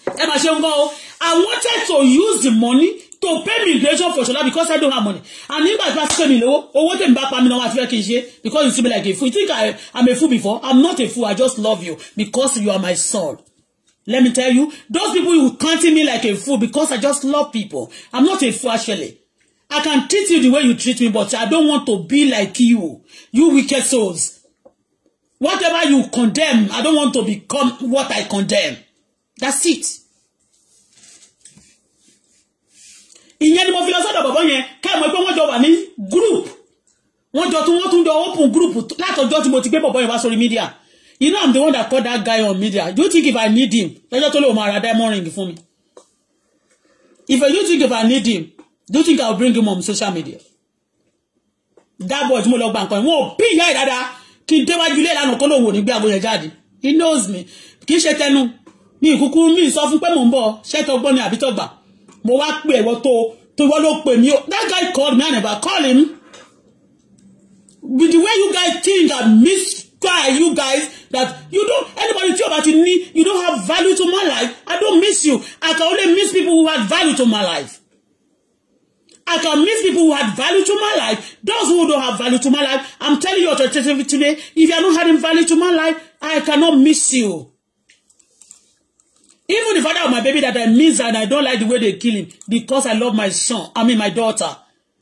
ẹ máa ṣe ń gan o I wanted to use the money to pay me inflation for Shola because I don't have money and nígbà tí wọ́n ti pè mí lówó owó tèmi bá pa mi náà wọ́n ti fẹ́ kí n ṣe because you see me like a fool you think I, am a fool before I'm not a fool I just love you because you are my son. Let me tell you, those people who counting me like a fool because I just love people. I'm not a fool actually. I can treat you the way you treat me, but I don't want to be like you, you wicked souls. Whatever you condemn, I don't want to become what I condemn. That's it. Ìyẹn ni mo fi lọ sọ́dọ̀ bọ̀bọ́ yẹn kẹ́mọ̀ pé wọ́n group wọ́n jọ tún wọ́n tún jọ open group látọjọ́ tí mo ti gbé bọ̀bọ́ yẹn wá media you know I'm the one that called that guy on media do you think if I need him lọ́jọ́ just lè you máa that morning ring me. mi if you think if I need him do you think i will bring him on social media that boy tí mo lọ gba nǹkan wọn ò bí ìyá ẹ̀ dáadáa kí n déwájú ilé ìlànà kó lóun ò ní gbé aago yẹn he knows me kì í ṣe tẹnu mi ìkúkú mi sọ fún pé mò ń bọ̀ ṣẹ́tọ̀ gbọ́ ni àbí tọ̀gbà mo wa pè ẹ̀wọ́ to to ìwọ lo pè mí o that guy called me I never call him with the way you guys think that miss guy you guys that you don't anybody tí that you need, you don't have value to my life I don't miss you I can only miss people who have value to my life I can meet people who have value to my life. Those who don't have value to my life, I'm telling you authoritatively today, if you are not having value to my life, I cannot miss you. Even the father of my baby that I miss and I don't like the way they kill him because I love my son, I mean my daughter,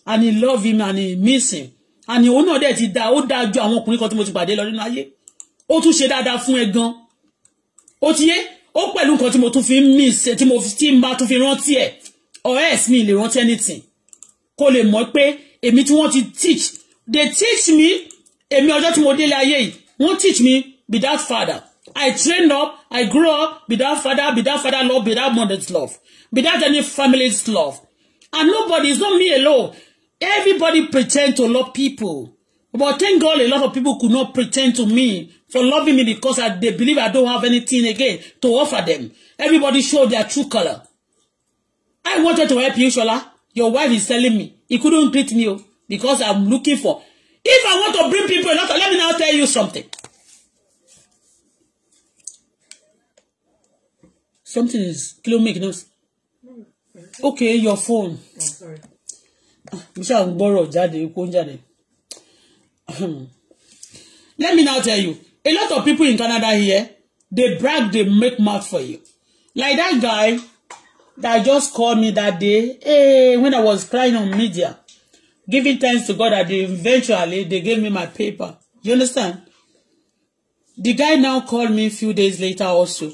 and he love him and he miss him. And òun náà dẹ̀ ti da ó dáa ju àwọn to kan tí mo ti pàdé lọ nínú ayé. Ó tún ṣe dáadáa fún ẹ gan. Ó ti yé ó pẹ̀lú nǹkan tí mo tún fi ń miss tí mo ti máa to fi rántí ẹ̀ or else mi lè rántí anything kó lè mọ̀ pé èmi tí wọ́n ti teach they teach me èmi ọjọ́ tí mo délé ayé yìí wọ́n teach me be that father I train up I grow up be that father be that father love be that mother's love be that any family's love and nobody is not me alone everybody pretend to love people but thank God a lot of people could not pretend to me for loving me because I, they believe I don't have anything again to offer them everybody show their true color I wanted to help you Shola your wife is telling me he couldn't greet me oh, because i'm looking for if i want to bring people not let me now tell you something something is kilo make noise okay your phone oh, mo ṣáà ń borrow. jáde kó ń jáde let me now tell you a lot of people in Canada here they brag they make mouth for you like that guy that just called me that day hey, when I was crying on media, giving thanks to God that they eventually they gave me my paper. You understand? The guy now called me a few days later also.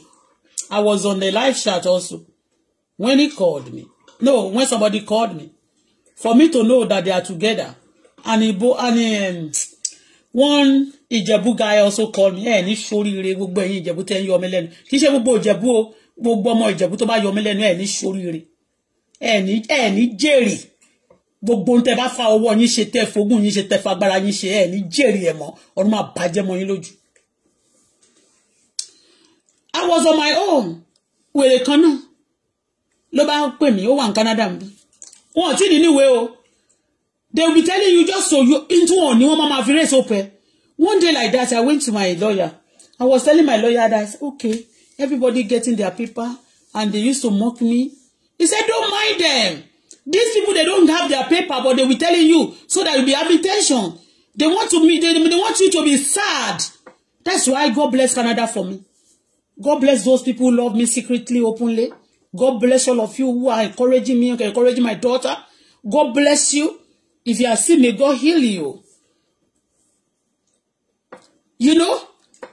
I was on the live chat also. When he called me. No, when somebody called me. For me to know that they are together. And he, bo and he, um, one Ìjẹ̀bú guy also called me. Ẹ ní sóríire gbogbo ẹ̀yin Ìjẹ̀bú tẹ́ ń yọ ọmọ lẹ́nu. Kì í gbogbo ọmọ ìjẹ̀bú tó bá yọ lẹ́nu ẹ̀ ní ṣoríire ẹ̀ ní ẹ̀ ní jèrè gbogbo ń tẹ bá fa ọwọ́ yín ṣe tẹ fogún yín ṣe tẹ fagbára yín ṣe ẹ̀ ní jèrè ẹ̀ mọ́ ọdún máa bàjẹ́ mọ́ yín lójú. I was on my own wèrè kan náà ló bá ń pè mí ó wà ní Canada mi wọn ò tí ì ní níwèé o they will be telling you just so you into one ni wọn máa fi race open one day like that I went to my lawyer I was telling my lawyer that okay everybody getting their paper and they used to mock me he said don't mind them these people they don't have their paper but they be telling you so that you be having tension they want to meet they, they want you to be sad that's why God bless Canada for me God bless those people who love me secretly openly God bless all of you who are encouraging me encouraging my daughter God bless you if you are sick may God heal you you know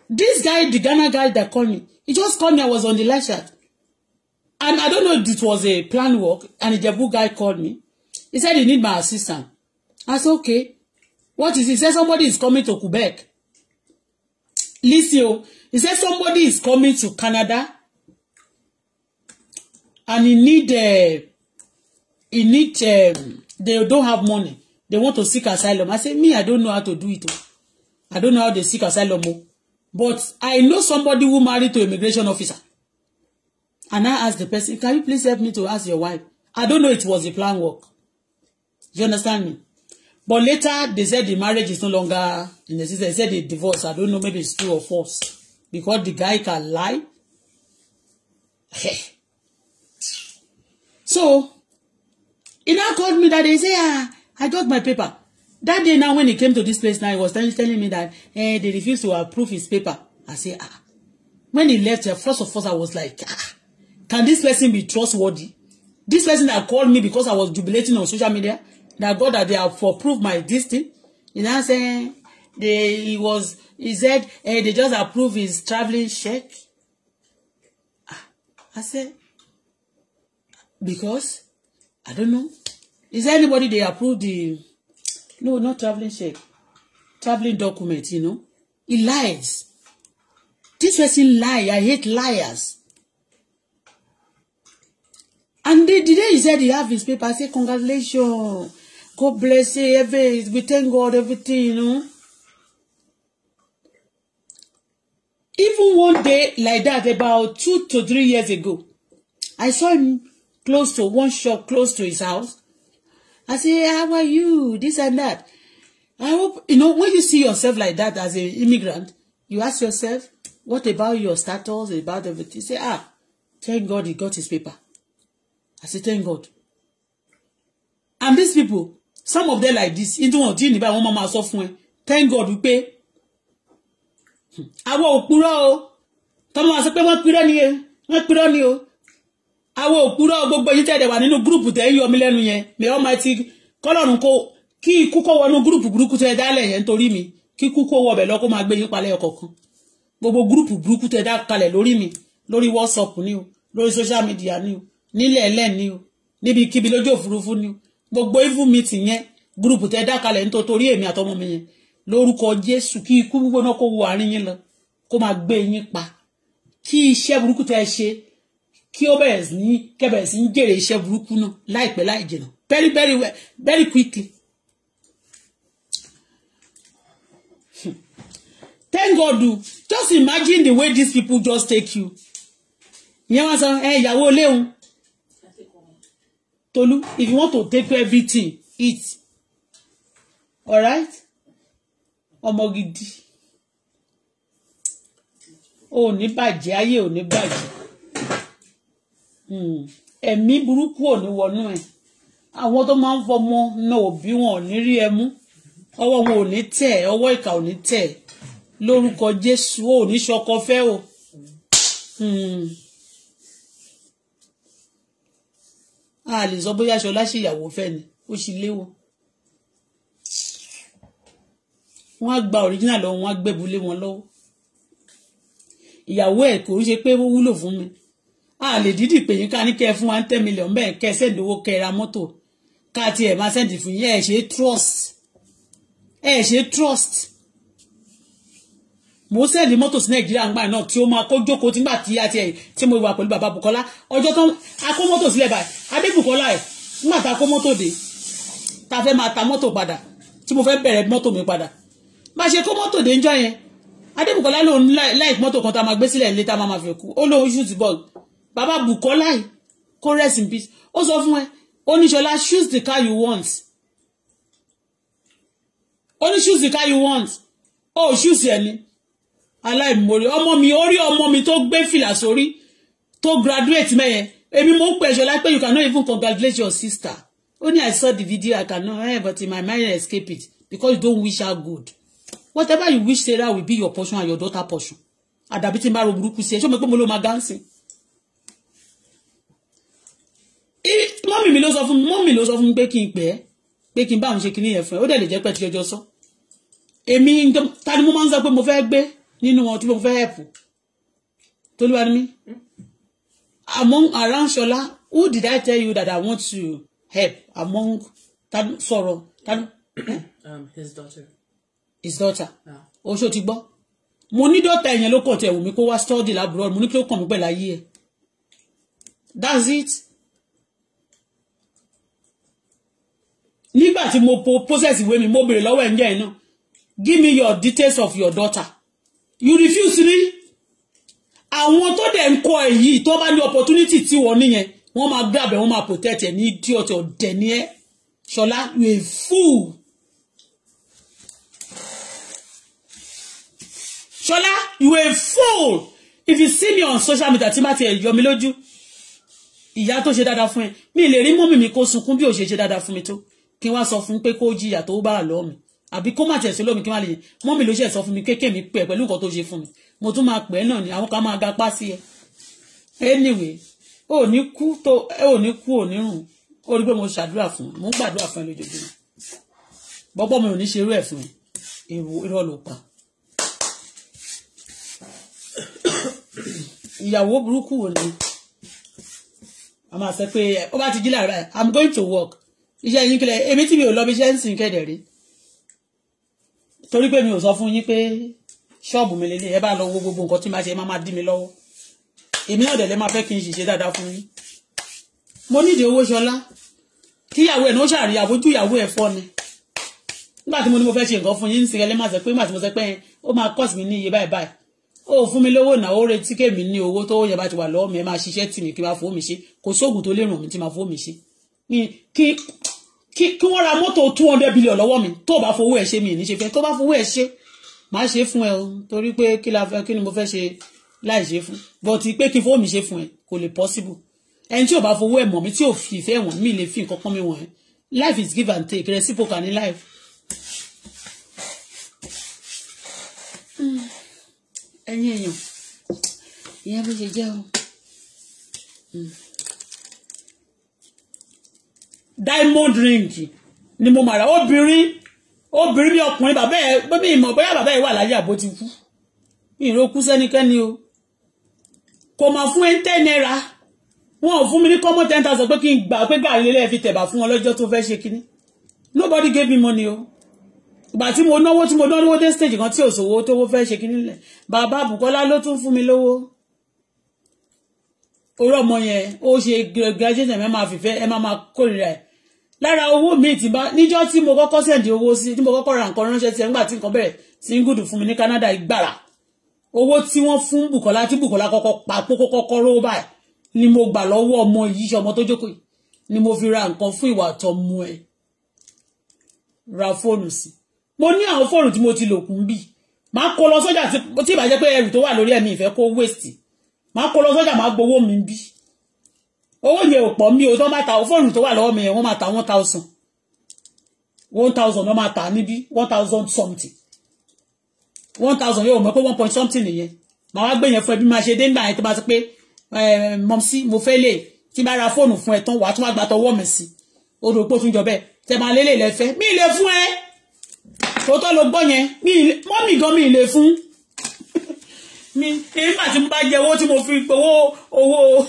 this guy the Ghana guy that called me he just called me I was on the live chat and I don't know if it was a plan work and the Jebu guy called me he said he need my assistant I said okay what is it he said somebody is coming to Quebec listen oh. he said somebody is coming to Canada and he need uh, he need um, they don't have money they want to seek asylum I said me I don't know how to do it oh. I don't know how they seek asylum o oh. But I know somebody who married to immigration officer. And I ask the person, can you please help me to ask your wife? I don't know it was a plan work. You understand me? But later they said the marriage is no longer in the system. They said they divorce. I don't know, maybe it's true or false. Because the guy can lie. Hey, so, he now called me that day. say ah, I got my paper that day now when he came to this place now he was telling, telling me that eh, they refused to approve his paper I say ah when he left here eh, first of all I was like ah can this person be trustworthy this person that called me because I was jubilating on social media that God that they have approved my this thing you know saying they he was he said eh, they just approved his traveling check ah I said because I don't know is there anybody they approve the No, not traveling check. Traveling document, you know. He lies. This person lie. I hate liars. And the, the day he said he have his paper, I say, congratulations. God bless you. Every, we thank God, everything, you know. Even one day like that, about two to three years ago, I saw him close to one shop, close to his house. I say, how are you? This and that. I hope, you know, when you see yourself like that as an immigrant, you ask yourself, what about your status, about everything? You say, ah, thank God he got his paper. I say, thank God. And these people, some of them like this, into one gene, by one mama sọ fún thank God we pay. I òpùrọ́ o, tọ́mọ wa sọ pé wọ́n purọ́ ni o, wọ́n purọ́ àwọn òpùrọ̀ gbogbo yìí tẹ̀dẹ̀ wà nínú gúrùpù tẹ̀ ń yọ mí lẹ́nu yẹn mi ọmọ ti kọ́lọ́run kó kí ikú kó wọnú gúrùpù burúkú tẹ̀ dálẹ̀ yẹn nítorí mi kí ikú kó wọbẹ̀ lọ kó máa gbé yín palẹ̀ ọ̀kọ̀ọ̀kan gbogbo gúrùpù burúkú tẹ̀ dá lórí mi lórí WhatsApp ni o lórí social media ni o nílẹ̀ ẹlẹ́ ni o níbikíbi lójú òfurufú ni o gbogbo even meeting yẹn gúrùpù tẹ̀ dá kalẹ̀ nítorí èmi mi yẹn lórúkọ Jésù kí ikú gbígbóná kó wọ àárín yín lọ kó máa gbé yín pa kí ó bẹ̀rẹ̀ sí kẹbẹ̀rẹ̀ sí ní jèrè iṣẹ́ burúkú náà láìpẹ́ láì jìnà very very well very quickly. Thank God o just imagine the way these people just take you. ìyẹn wọn sọ ẹ ìyàwó léwu Tolu if you want to take everything eat alright ọmọ gidi ò ní bàjẹ́ ayé ò ní bàjẹ́. Hmm. ẹ̀mí burúkú ò ní wọnú ẹ̀ àwọn tó máa ń fọmọ náà òbí wọn ò ní rí ẹ mú ọwọ́ wọn ò ní tẹ̀ ọwọ́ ìkà ò ní tẹ̀ lórúkọ Jésù ò ní ṣọkọ fẹ́ o. Hmm. a lè sọ bóyá aṣọ láṣẹ ìyàwó fẹ́ ni ó sì léwọ wọn á gba original lọ wọn á gbẹbulé wọn lọ́wọ́ ìyàwó ẹ̀ kò ń ṣe pé ó wúlò fún mi a lè dídì pè yín ká ní kẹ́ fún wa ń ten million bẹ́ẹ̀ kẹ́ sẹ́ẹ̀dì owó kẹ́ ra mọ́tò ká tiẹ̀ máa sẹ́ẹ̀dì fún yín ẹ̀ ṣe trust ẹ̀ ṣe trust mo sẹ́ẹ̀dì mọ́tò sí nàìjíríà ńgbà náà tí ó máa kó jókòó tí nígbà tí a tiẹ̀ tí mo wà pẹ̀lú bàbá bukola ọjọ́ tán a mọ́tò sílẹ̀ báyìí adé bukola ẹ̀ nígbà tá a kó mọ́tò dé ta fẹ́ máa ta mọ́tò padà tí mo fẹ́ bẹ̀rẹ̀ mọ́tò mi padà bá a ṣe kó mọ́tò dé ń jọ yẹn adébùkọ́lá lòun láì mọ́tò kan tá a máa gbé sílẹ̀ nílé tá a máa fi kú ó lóun ṣùtì bọ́ọ̀lù Baba Bukola yìí kó rest in peace ó sọ fún ẹ oníṣọlá choose the car you want oní choose the car you want ó oh, choose ẹni aláìmoore ọmọ mi orí ọmọ mi tó gbé fìlà sórí tó graduate mẹ́yẹ èmi mo ń pè ẹ̀ṣọ́ lápẹ́ you cannot even congratulate your sister only I saw the video I cannot hear, eh, but in my mind I escape it because you don't wish her good whatever you wish Sarah will be your portion and your daughter portion àdàbí tí n bá ro burúkú sí ẹ ṣé o mọ̀ pé mo ló máa gánsìn Eh, mọ́mì mi ló sọ fún mọ́mì ló sọ fún pé kí n pẹ́ pé kí n bá òun ṣe kinní yẹn fún ẹ ó dẹ̀ lè jẹ́ pẹ́ tí ọjọ́ sọ èmi ta ni mo máa ń sọ pé mo fẹ́ gbé nínú wọn tí mo fẹ́ ẹ̀pù tolúwa ni mí among around Ṣọlá who did I tell you that I want to help among tanu sọ̀rọ̀ tanu. Eh? Um, his daughter. his daughter. oṣù ti gbọ́ mo ní dọ́tà ẹ̀yẹn ló kọ̀ tẹ̀ wù mí kó wá study labroad mo ní kí ló kàn mí pẹ̀lú ayé ẹ̀ that's it. nígbà tí mo process ìwé mi mo béèrè lọ́wọ́ ẹ̀ ń jẹ́ iná give me your details of your daughter you refuse ni àwọn tó dẹ̀ ń kọ ẹ̀ yìí tó bá ní opportunity tí wọ́n níyẹn wọ́n máa grab ẹ̀ wọ́n máa protect ẹ̀ ní idiot ọ̀dẹ̀ ni ẹ́ ṣọlá you a fool ṣọlá you a fool if you see me on social media tí má ti ẹ̀ yọ mi lójú ìyá tó ṣe dáadáa fún ẹ mi lè rí mọ́mì mi kó sunkún bí ò ṣe ṣe dáadáa fún mi tó kí wá sọ fún pé kó jìyà tó bá lọ mi àbí kó má tẹ̀sí lómi kí wá lè yẹn mọ́ mi ló ṣe sọ fún mi kéèké mi pẹ̀ pẹ̀lú nǹkan tó ṣe fún mi mo tún máa pẹ́ náà ni àwọn kan máa ga pa sí ẹ anyway ò ní kú tó ẹ ò ní kú ò ní rùn ó rí pé mo ṣàdúrà fún mo ń gbàdúrà fún ẹ lójoojúmọ́ bọ́bọ́ mi ò ní ṣe irú ẹ̀ fún ewu irọ́ ló pa ìyàwó burúkú ò ní a máa sọ pé ó bá ti jí láàárọ̀ i'm going to work iṣẹ́ yín kílẹ̀ èmi tí mi ò lọ bí iṣẹ́ ń sìn kẹ́dẹ̀ rí torí pé mi ò sọ fún yín pé ṣọ́ọ̀bù mi lélẹ̀ ẹ bá lọ wo gbogbo nǹkan tí màá ṣe má má dí mi lọ́wọ́ èmi náà dẹ̀lẹ́ máa fẹ́ kí n ṣiṣẹ́ dáadáa fún yín mo nídìí owó ṣọlá kíyàwó ẹ̀ ní ó ṣàrí àbójú ìyàwó ẹ̀ fọ́ ni nígbà tí mo ní mo fẹ́ ṣe nǹkan fún yín ní sìnkẹ́lẹ́ máa sọ pé nígbà tí mo sọ pé ó máa kọ́ọ̀sì mi ní iye báyìí báyìí ó fún mi lówó ìnáwó retí kémi ní owó tó yẹ bá ti wà lọ́wọ́ mi ẹ máa ṣiṣẹ́ tì mí kí n máa fowó mi ṣe kò sóògùn tó lè ràn mí tí máa fowó mi ṣe kí kí wọ́n ra mọ́tò two hundred billion lọ́wọ́ mi tó bá fowó ẹ̀ ṣe mi ní ṣe fẹ́ tó bá fowó ẹ̀ ṣe máa ṣe fún ẹ o torí pé kí la fẹ́ kí ni mo fẹ́ ṣe láì ṣe fún but pé kí fowó mi ṣe fún ẹ kò lè possible ẹni tí ò bá fowó ẹ̀ mọ̀ mi tí ò fi ìfẹ́ wọn mi lè fi nǹkan pọ́n mi wọ̀n ẹ́ life is give and take reciprocal ní life. Hmm. ẹ̀yin èèyàn ìyẹn bó ṣe jẹ́ o. Mm diamond ring ni mo mà rà obìnrin obìnrin bí ọkùnrin bàbá ẹ pé mi ìmọ̀ bóyá bàbá ẹ wà láyé àbó ti kú mi ìró kú sẹ́nikẹ́ni o kò mà fún ẹni ten naira wọn ò fún mi ní kọ́mọ́ ten thousand pé kí n gbà pé gàrí lélẹ̀ fi tẹ̀bà fún wọn lọ́jọ́ tó fẹ́ ṣe kínní nobody gave me money o ìgbà tí mo náwó tí mo náwó dé stage kan tí òṣòwò tó wó fẹ́ ṣe kínní lẹ̀ bàbá Bùkọ́lá ló tún fún mi lówó orí ọmọ yẹn ó ṣe graduation ẹ máa fìfẹ́ ẹ máa máa kórìíra ẹ lára owó mi ti bá níjọ́ tí mo kọ́kọ́ sẹ̀dí owó sí tí mo kọ́kọ́ ra nǹkan ránṣẹ́ tiẹ̀ ńgbà tí nǹkan bẹ̀rẹ̀ sí ń gùdù fún mi ní Canada ìgbàrà owó tí wọ́n fún Bùkọ́lá tí Bùkọ́lá kọ́kọ́ pa kókó kọ́kọ́ ró báyìí ni mo gbà lọ́wọ́ ọmọ yìí ọmọ tó jókòó yìí ni mo fi ra nǹkan fún ìwà àtọmọ ẹ ra fóònù sí mo ní àwọn fóònù tí mo ti lò kún bíi máa kó lọ sọ́jà tí ìbàjẹ́ pé ẹrù tó wà lórí ẹ̀mí ìfẹ́ kó wéèsì máa kó lọ sọ́jà máa gbowó mi bíi owó yẹn ò pọ̀ mí o tó máa ta fóònù tó wà lọ́wọ́ mi yẹn wọ́n máa ta one thousand one thousand wọ́n máa ta níbí one thousand something one thousand yóò mọ̀ pé one point something nìyẹn màá wá gbé yẹn fún ẹ bí máa ṣe dé nígbà yẹn tó bá ti pé mọ̀mísí mo fẹ́ lè tí bá ra fóònù fún ẹ tán wàá tún wá gbàtọ̀ wọ́ mi sí o rò pé o tún jọ bẹ́ẹ̀ tẹ máa lélẹ̀ lẹ́fẹ́ mi ì lè fún ẹ tó lo gbọ́ yẹn mọ́mì gan mi ì lè fún mi nígbà tí mo bá jẹ owó tí mo fi owó owó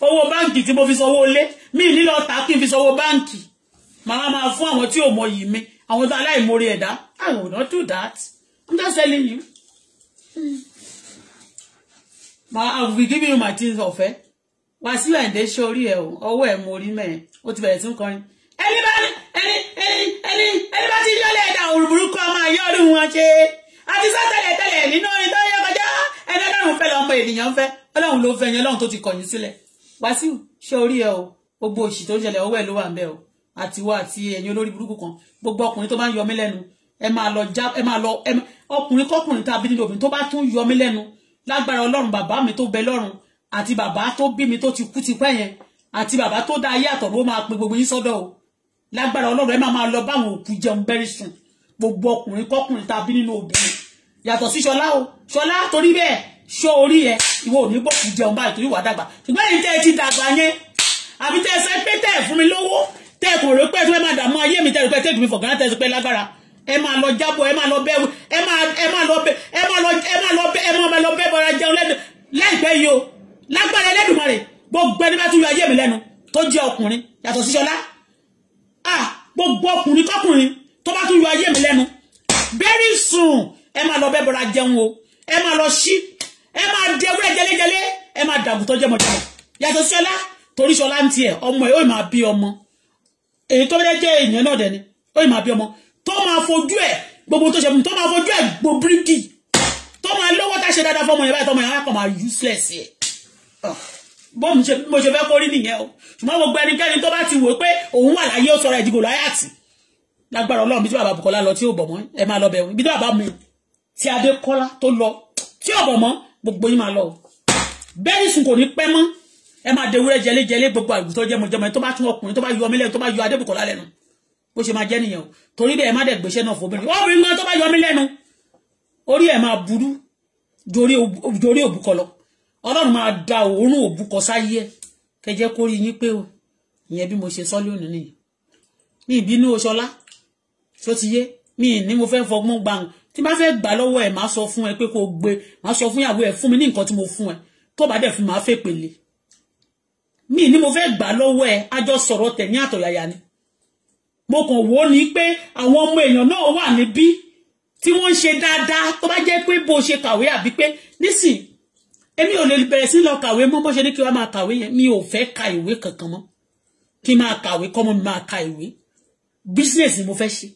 owó báǹkì tí mo fi sanwó lé mi nílò ta kí n fi sanwó báǹkì màá máa fún àwọn tí ò mọ yìí mi àwọn tó aláìmoore ẹ̀dá I will not do that I'm just telling you màá I will be giving you my things ọ̀fẹ́ wàásù ẹ̀ǹdẹ́ ṣe orí ẹ̀ o ọwọ́ ẹ̀ mo rí mẹ́ẹ̀ o ti bẹ̀rẹ̀ sí ń kọrin ẹni bá ẹni ẹni ẹni ẹni bá ti yọlẹ̀ ẹ̀dá òrùbùrù kan máa yọ ọdún wọn ṣe àti sátẹ̀lẹ̀ tẹ̀lẹ̀ nínú orin tó yẹ kọjá ẹni ọlọ́run fẹ́ lọ́mọ ènìyàn fẹ́ ọlọ́run ló fẹ́ yẹn ọlọ́run tó ti kọ̀yìn sílẹ̀ wàsíù ṣé orí ẹ o gbogbo òṣì tó ń ṣẹlẹ̀ ọwọ́ ẹ̀ ló wà ń bẹ o àtiwọ́ àti ẹ̀yin olórí burúkú kan gbogbo ọkùnrin tó bá ń yọ mí lẹ́nu ẹ máa lọ já ẹ máa lọ ọkùnrin kọkùnrin tàbí nínú obìnrin tó bá tún yọ mí lẹ́nu lágbára ọlọ́run bàbá mi tó bẹ lọ́run àti bàbá tó bí mi tó ti kú tipẹ́ yẹn àti bàbá tó dá ayé àtọ̀rọ̀ ó máa pe gbogbo yín sọ́dọ̀ o lágbára ọlọ́run ẹ máa máa lọ báwọn òkú jẹun bẹ́rí sùn gbogbo ọkùnrin kọkùnrin tàbí nínú obìnrin yàtọ̀ sí ṣọlá o ṣọlá torí bẹ́ẹ̀ ṣó orí ẹ ìwọ ò ní bọ̀ kí jẹun báyìí torí wà dàgbà ṣùgbọ́n èyí tẹ́ ẹ ti dàgbà yẹn àbí tẹ́ ẹ sẹ́ pé tẹ́ ẹ fún mi lówó tẹ́ ẹ kò rò pé ẹ fẹ́ máa dààmú ayé mi tẹ́ ẹ rò pé tẹ́ẹ̀dù mi fọ̀ gánà tẹ́ ẹ pé lágbára ẹ máa lọ jábọ̀ ẹ máa lọ bẹ́ẹ̀ ẹ máa ẹ máa lọ bẹ́ẹ̀ ẹ máa lọ ẹ máa lọ bẹ́ẹ̀ bọ́ra jẹun láìpẹ́ yìí o lágbára ẹlẹ́dùnmarè gbogbo ẹni bá tún yọ ayé mi lẹ́nu tó jẹ́ ọkùnrin yàtọ̀ sí ṣọlá ah gbogbo ọkùnrin kọkùnrin tó bá tún yọ ayé mi lẹ́nu very soon ẹ máa lọ bẹ́bọ̀ra jẹun o ẹ máa lọ ṣí ẹ máa dẹ ewúrẹ́ jẹlẹ́jẹlẹ́ ẹ máa dàgùn tó jẹmọ dàgùn yàtọ̀ sí ọlá torí ṣọlá ń tiẹ̀ ọmọ ẹ̀ ó máa bí ọmọ èyí tó jẹ́ èèyàn náà dẹ̀ ni ó máa bí ọmọ tó máa fojú ẹ̀ gbogbo tó ṣe fún tó máa fojú ẹ̀ gbò bíríkì tó máa lówó tá ṣe dáadáa fọmọ yẹn báyìí tọmọ yẹn á kàn máa useless yẹ ah, bọ́ọ̀mù mo ṣe fẹ́ kó rí nìyẹn o ṣùgbọ́n gbogbo ẹnikẹ́ni tó bá ti wò pé òun wà láyé ó sọ̀rọ̀ ẹ̀dìgò láyàtì lágbára ọlọ́run bí tí bàbá Bùkọ́lá lọ tí ó bọ̀ mọ́ ẹ máa tí Adékọ́lá tó lọ tí ọ̀bọ̀ mọ́ gbogbo yín máa lọ bẹ́ẹ̀ni sùn kò ní pẹ́ mọ́ ẹ máa de wúrẹ́ jẹlé jẹlé gbogbo àgùntàn jẹmọjẹmọ tó bá tún ọkùnrin tó bá yọ mílẹ̀ tó bá yọ Adébùkọ́lá lẹ́nu bó ṣe máa jẹ́ nìyẹn o torí bẹ́ẹ̀ má dẹ̀ gbéṣẹ́ náà fòbìnrin obìnrin kan tó bá yọ mí lẹ́nu orí ẹ̀ máa burú dorí òbúkọ lọ Ọlọ́run máa da òórùn òbúkọ sáyé ẹ̀ kẹjẹ́ kó rí yín pé o ìyẹn bí mo ṣe sọ lónìí nìyẹn mi ìbínú oṣọlá tó ti yé mi ni mo fẹ́ fọgbọ́n gbàǹ tí n bá fẹ́ gbà lọ́wọ́ ẹ̀ máa sọ fún ẹ pé kó gbé máa sọ fún ìyàwó ẹ̀ fún mi ní nǹkan tí mo fún ẹ tó bá dẹ̀ fún máa fẹ́ pèlè mi ni mo fẹ́ gbà lọ́wọ́ ẹ a jọ sọ̀rọ̀ tẹ̀ ní àtọ̀yàyà ni mo kàn wò ó ní pé àwọn ọmọ èèyàn náà wà níbí tí wọ́n ń ṣe dáadáa tó bá jẹ́ pé bó ṣe kàwé àbí pé nísìn èmi ò lè bẹ̀rẹ̀ sí lọ kàwé mọ́ bó ṣe ní kí wọ́n máa kàwé yẹn mi ò fẹ́ ka ìwé kankan mọ́ kí n máa kàwé kọ́mọ mi máa business ni mo fẹ́ ṣe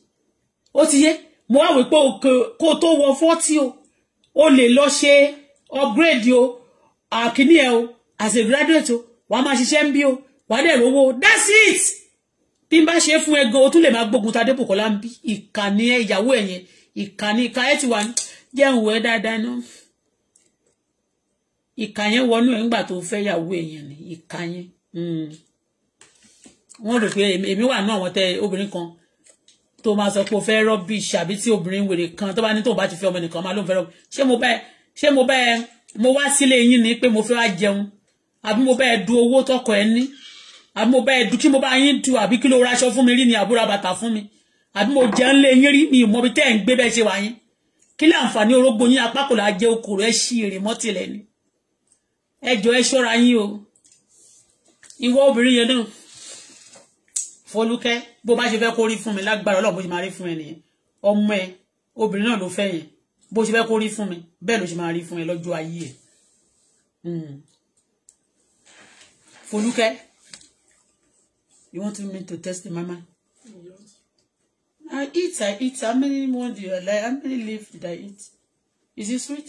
ó mo wá wí pé kó tó wọ fọ́tí o o lè lọ ṣe upgrade o àkíní ẹ o as a graduate o wàá máa ṣiṣẹ́ ń bí o wàá dẹ̀ rówó that's it bí n bá ṣe fún ẹ gan o tún lè máa gbógun ta dépò kọ́lá ń bí ìkànnì ẹ ìyàwó ẹ yẹn ìkànnì ìka ẹ ti wà ní jẹun wẹ dáadáa náà ìka yẹn wọnú ẹ ńgbà tó fẹ́ yàwó èèyàn ni ìka yẹn hmm. wọ́n rò pé èmi wà náà àwọn tẹ obìnrin kan tó máa sọ pé o fẹ́ rọ́bìṣì àbí tí obìnrin wèrè kan tó bá ní tó bá ti fẹ́ ọmọ nìkan máa ló ń fẹ́ rọ́bìṣì ṣé mo bẹ́ẹ̀ ṣé mo bẹ́ẹ̀ mo wá sílé yín ni pé mo fẹ́ wá jẹun àbí mo bẹ́ẹ̀ du owó tọkọ ẹ ní àbí mo bẹ́ẹ̀ du kí mo bá yín du àbí kí ló raṣọ fún mi rí ni àbúrò àbàtà fún mi àbí mo jẹun lé yín rí mi ìmọ̀ bí tẹ́ ẹ̀ ń gbé bẹ́ẹ̀ ṣe wá yín kí lè àǹfààní orógbó yín apákòlà jẹ okòrò ẹ Fọlúkẹ́ bó bá ṣe fẹ́ kó rí fún mi lágbára Ọlọ́run bó ṣe máa rí fún ẹ nìyẹn ọmọ ẹ obìnrin náà ló fẹ́ yẹn bó ṣe fẹ́ kó rí fún mi bẹ́ẹ̀ ló ṣe máa rí fún ẹ lọ́jọ́ ayé ẹ hmm. Fọlúkẹ́ you want me to test the mama I eat I eat how many more do you like how many leaf did I eat is it sweet